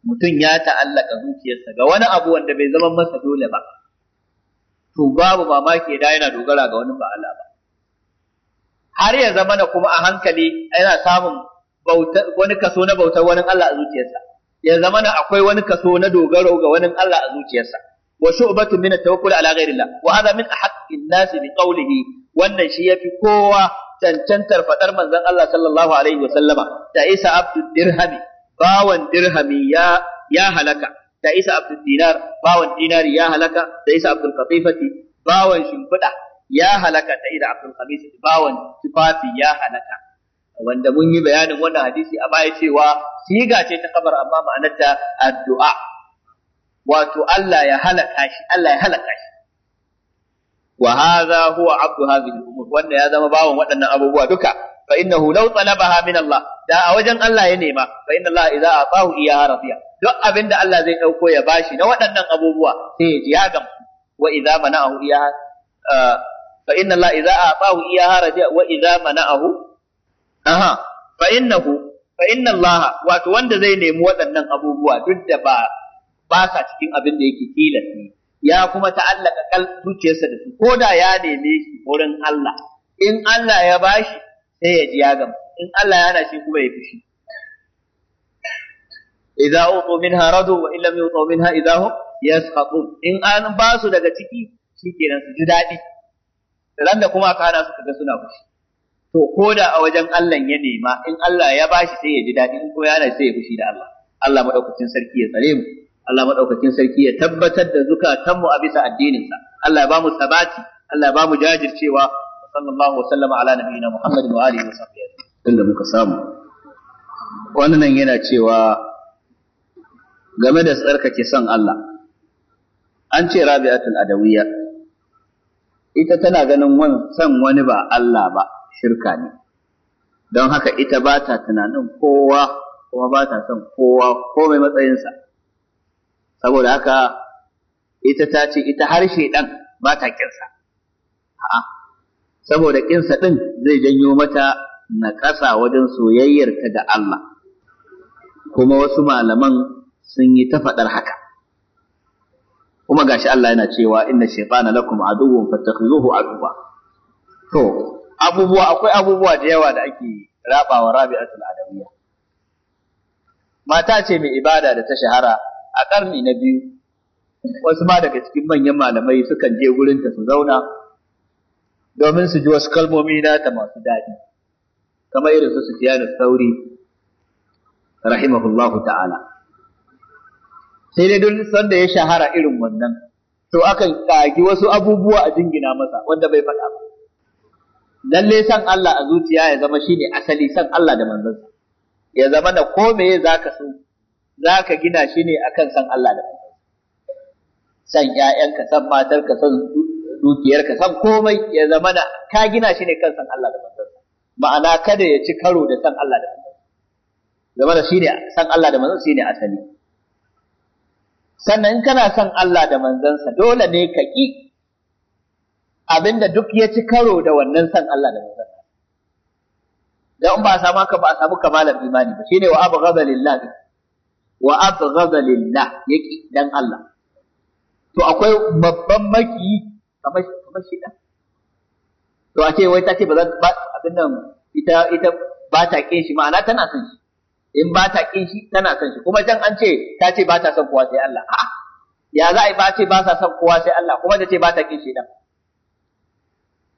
Speaker 1: mutum ya ta'allaka zuciyarsa ga wani abu wanda bai zama masa dole ba to babu mamaki da yana dogara ga wani ba Allah ba har ya zama kuma a hankali yana samun wani kaso na bautar wani Allah a zuciyarsa ya zama akwai wani kaso na dogaro ga wani Allah a zuciyarsa wa shu'batu min at-tawakkul ala ghayrillah wa hadha min ahaqqin nas bi qawlihi wannan shi yafi kowa cancantar fadar manzon Allah sallallahu alaihi wa sallama da Isa abdu dirhami bawan dirhami ya ya halaka da Isa Abdul Dinar bawan dinari ya halaka da Isa Abdul Qatifati bawan shimfiɗa ya halaka ta Isa Abdul Khamis bawan tufafi ya halaka wanda mun yi bayanin wannan hadisi a baya cewa siga ce ta kabar amma ma'anarta addu'a wato Allah ya halaka shi Allah ya halaka shi wa hadha huwa abdu hadhihi al-umur wanda ya zama bawan waɗannan abubuwa duka fa innahu law talabaha min Allah da a wajen Allah ya nema fa inna Allah idza atahu iya rafiya duk abinda Allah zai dauko ya bashi na waɗannan abubuwa sai ya ji ya gamsu wa idza mana'ahu iya fa inna Allah idza atahu iya rafiya wa idza wato wanda zai nemi waɗannan abubuwa duk da ba ba sa cikin abinda yake tilasti ya kuma ta'allaka kal da su ko da ya neme shi wurin Allah in Allah ya bashi sai ya ji ya gama in Allah ya hana shi kuma ya fushi idza utu minha radu wa illam yutu minha idza hum yasqatun in an ba su daga ciki shikenan su ji dadi ran da kuma aka hana su kaga suna fushi to koda a wajen Allah ya nema in Allah ya bashi sai ya ji dadi in ko yana sai ya fushi da Allah Allah madaukakin sarki ya tsare mu Allah madaukakin sarki ya tabbatar da zukatanmu a bisa addininsa Allah ya ba mu sabati Allah ya ba mu jajircewa sallallahu wa sallama ala nabiyina Muhammad wa alihi wa sahbihi da muka samu wannan yana cewa game da tsarkake son Allah an ce Rabi'atul Adawiyya ita tana ganin son wani ba Allah ba shirka ne don haka ita ba ta tunanin kowa kuma ba ta son kowa ko mai matsayinsa saboda haka ita ta ce ita har shaidan ba ta kinsa a'a saboda ƙinsa ɗin zai janyo mata na ƙasa wajen soyayyarta ga Allah kuma wasu malaman sun yi ta faɗar haka kuma gashi Allah yana cewa inna shaytana lakum aduwwun fattakhizuhu aduwwa to abubuwa akwai abubuwa da yawa da ake rabawa rabi'atul adawiyya mata ce mai ibada da ta shahara a ƙarni na biyu wasu ma daga cikin manyan malamai sukan je ta su zauna domin su ji wasu kalmomi nata masu daɗi kamar irin su Sufyan sauri rahimahullahu ta'ala sai dai duk sanda ya shahara irin wannan to akan kagi wasu abubuwa a jingina masa wanda bai faɗa ba lalle san Allah a zuciya ya zama shine asali san Allah da manzansa ya zama da ko meye zaka so zaka gina shi ne akan san Allah da manzansa san ƴaƴanka san matarka san dukiyarka san komai ya zama da ka gina shi ne kan san Allah da manzansa ma'ana kada ya ci karo da san Allah da manzansa zama da shine san Allah da manzansa shine asali sannan kana san Allah da manzansa dole ne ka ki abinda duk ya ci karo da wannan san Allah da manzansa dan ba a ka ba a samu kamalar imani ba shine wa abghadha lillahi wa abghadha lillah yake dan Allah to akwai babban maki kamar kamar shi to a ce wai ta ce ba za ba abin nan ita ita ba ta kin shi ma'ana tana son shi in ba ta kin shi tana son shi kuma can an ce ta ce ba ta son kowa sai Allah A'a, ya za a yi ba ce ba sa son kowa sai Allah kuma ta ce ba ta kin shi dan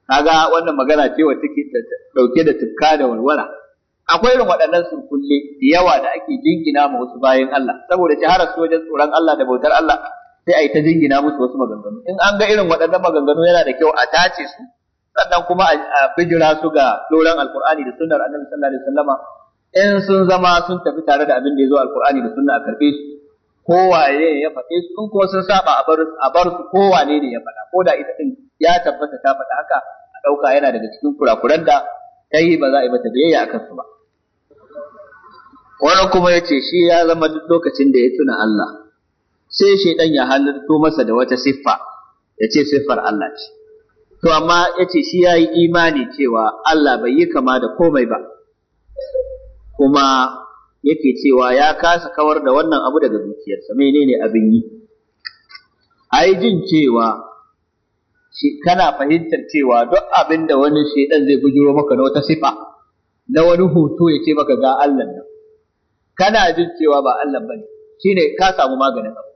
Speaker 1: kaga wannan magana ce wacce ke dauke da tufka da warwara akwai irin waɗannan surkulle da yawa da ake jingina ma wasu bayan Allah saboda shaharar su wajen tsoron Allah da bautar Allah sai a yi ta jingina musu wasu maganganu in an ga irin waɗannan maganganu yana da kyau a tace su sannan kuma a bijira su ga doron alkur'ani da sunnar annabi sallallahu alaihi wasallama in sun zama sun tafi tare da abin da ya zo alkur'ani da sunna a karbe su kowaye ya faɗe su in kuma sun saba a bar su kowane ne ya faɗa ko da ita din ya tabbata ta faɗa haka a ɗauka yana daga cikin kurakuran da ta yi ba za a yi mata biyayya a kansu ba wani kuma ya ce shi ya zama duk lokacin da ya tuna Allah sai shaidan ya halarto masa da wata siffa ya ce siffar Allah ce to amma ya ce shi ya yi imani cewa Allah bai yi kama da komai ba kuma yake cewa ya kasa kawar da wannan abu daga zuciyarsa ne abin yi A yi jin cewa kana fahimtar cewa duk abin da wani shaidan zai bujiro maka na wata sifa na wani hoto ya ce maka ga Allah nan kana jin cewa ba Allah shi ne ka samu maganin abu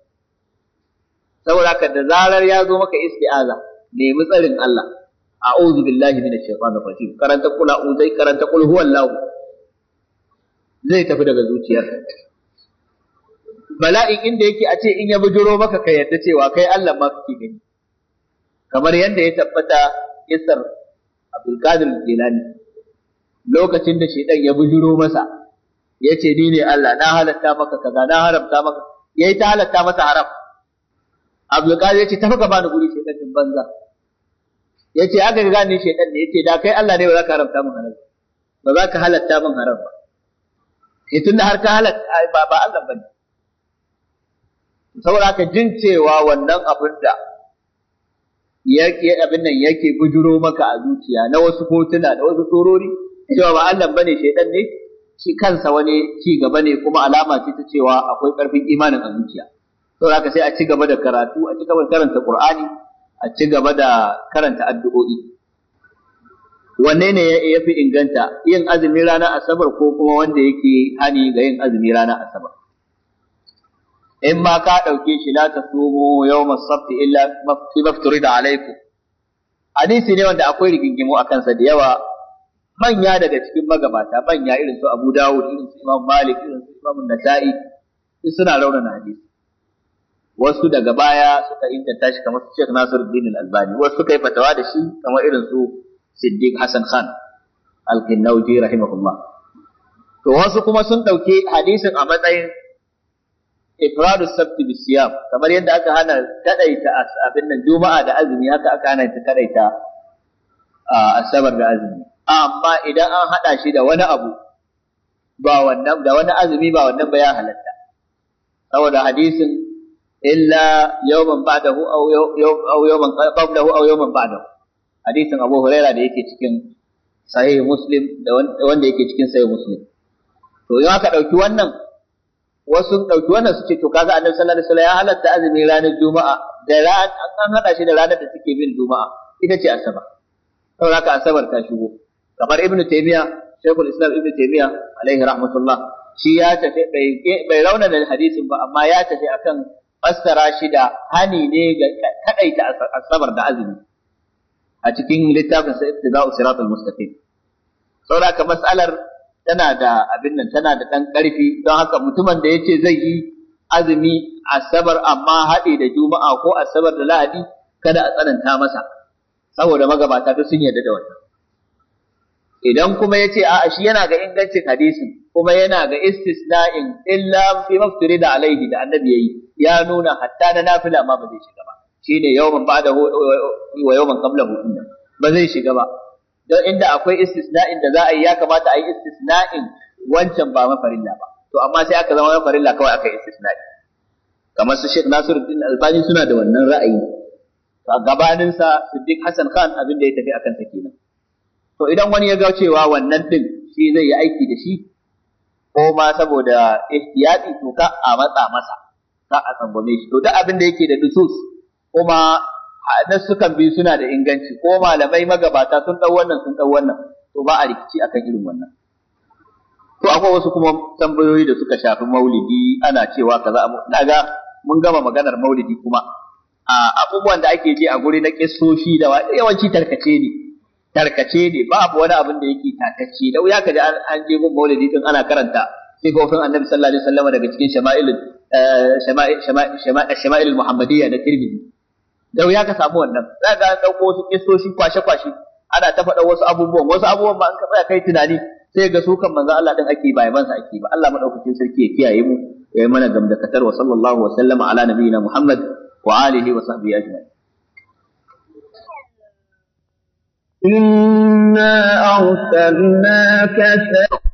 Speaker 1: saboda ka da zarar ya zo maka isti'aza nemi tsarin Allah a'udhu billahi minash shaitanir rajim karanta kula uzai karanta kul huwallahu zai tafi daga zuciyar. bala'in inda yake a ce in ya bujuro maka ka yadda cewa kai Allah ma kake gani kamar yadda ya tabbata isar Qadir Jilani lokacin da shedan ya bujuro masa ya ce ni ne Allah na halatta maka kaza na haramta maka yayi ta halatta masa haram abdulkadir ce, tafi ka bani guri shedan banza. banza yace aka ga ni shaidan ne yace da kai Allah ne ba za ka haramta min haram ba za ka halatta min haram ba sai tunda har ka halatta ba ba Allah bane saboda ka jin cewa wannan abin da yake abin nan yake bujuro maka a zuciya na wasu hotuna da wasu tsorori cewa ba Allah bane shaidan ne shi kansa wani ci gaba ne kuma alama ce ta cewa akwai karfin imanin a zuciya sau aka sai a ci gaba da karatu a ci karanta qur'ani a ci gaba da karanta addu'o'i wanne ne ya fi inganta yin azumi ranar asabar ko kuma wanda yake hani ga yin azumi ranar asabar in ma ka ɗauke shi la ta sumo yau masabti illa fi mafturi da alaiku hadisi ne wanda akwai rigingimu a kansa da yawa manya daga cikin magabata manya irin su abu dawud irin su imam malik irin su imam nasa'i suna raunana hadisi wasu daga baya suka inganta shi kamar Sheikh Nasiruddin Al-Albani wasu suka yi fatawa da shi kamar irin su Siddiq Hassan Khan Al-Kinnauji rahimahullah to wasu kuma sun dauke hadisin a matsayin ifradu sabti bisiyam kamar yadda aka hana kadaita abin nan juma'a da azumi haka aka hana ta kadaita asabar da azumi amma idan an hada shi da wani abu ba wannan da wani azumi ba wannan ba ya halatta saboda hadisin illa yawman ba'dahu aw aw yawman qablahu aw Abu Huraira da yake cikin sahih Muslim da wanda yake cikin sahih Muslim to in aka dauki wannan wasu dauki wannan su ce to kaga Annabi sallallahu alaihi wasallam ya halatta azumi ranar Juma'a da ran an shi da ranar da take min Juma'a ita ce Asabar saboda haka Asabar ta shigo kamar Ibn Taymiyyah Shaykhul Islam Ibn Taymiyyah alaihi rahmatullah shi ya tafi bai raunana hadisin ba amma ya tafi akan fassara shida hani ne ga kadaita asabar da azumi a cikin littafin sa ittiba'u siratal mustaqim saboda ka mas'alar tana da abin nan tana da dan karfi don haka mutumin da yace zai yi azumi asabar amma haɗe da juma'a ko asabar da lahadi kada a tsananta masa saboda magabata sun yarda da wannan idan kuma yace a'a shi yana ga ingancin hadisi kuma yana ga istisna'in illa fi mafturi da alaihi da annabi yayi ya nuna hatta na nafila ma ba zai shiga ba shine yawman ba'da wa yawman qablahu inna ba zai shiga ba don inda akwai istisna'in da za a yi ya kamata a yi istisna'in wancan ba mafarilla ba to amma sai aka zama mafarilla kawai aka istisna'i kamar su Sheikh Nasiruddin Albani suna da wannan ra'ayi gabaninsa Siddiq Hassan Khan abin da ya tafi akan sa kenan to idan wani ya ga cewa wannan din shi zai yi aiki da shi ko ma saboda ihtiyati to ka a matsa masa ka a tsangwame shi to duk abin da yake da dusus kuma nas sukan bi suna da inganci ko malamai magabata sun dau wannan sun dau wannan to ba a rikici akan irin wannan to akwai wasu kuma tambayoyi da suka shafi maulidi ana cewa kaza daga mun gama maganar maulidi kuma abubuwan da ake ji a guri na kisoshi da yawanci tarkace ne tarkace ne babu wani abin da yake takacce da wuya ka ji an je gun maulidi din ana karanta sai ga gofin annabi sallallahu alaihi wasallam daga cikin shama'il eh, shama'il muhammadiyya da tirmidhi da wuya ka samu wannan za ka dauko wasu kisoshi kwashe kwashe ana ta faɗa wasu abubuwan wasu abubuwan ba an ka tsaya kai tunani sai ga su kan manzo Allah din ake ba yabansa ake ba Allah madaukakin sarki ya kiyaye mu ya yi mana gamdakatar wa sallallahu wa sallama ala nabiyina Muhammad wa alihi wa sahbihi ajma'in إنا أرسلناك سائلا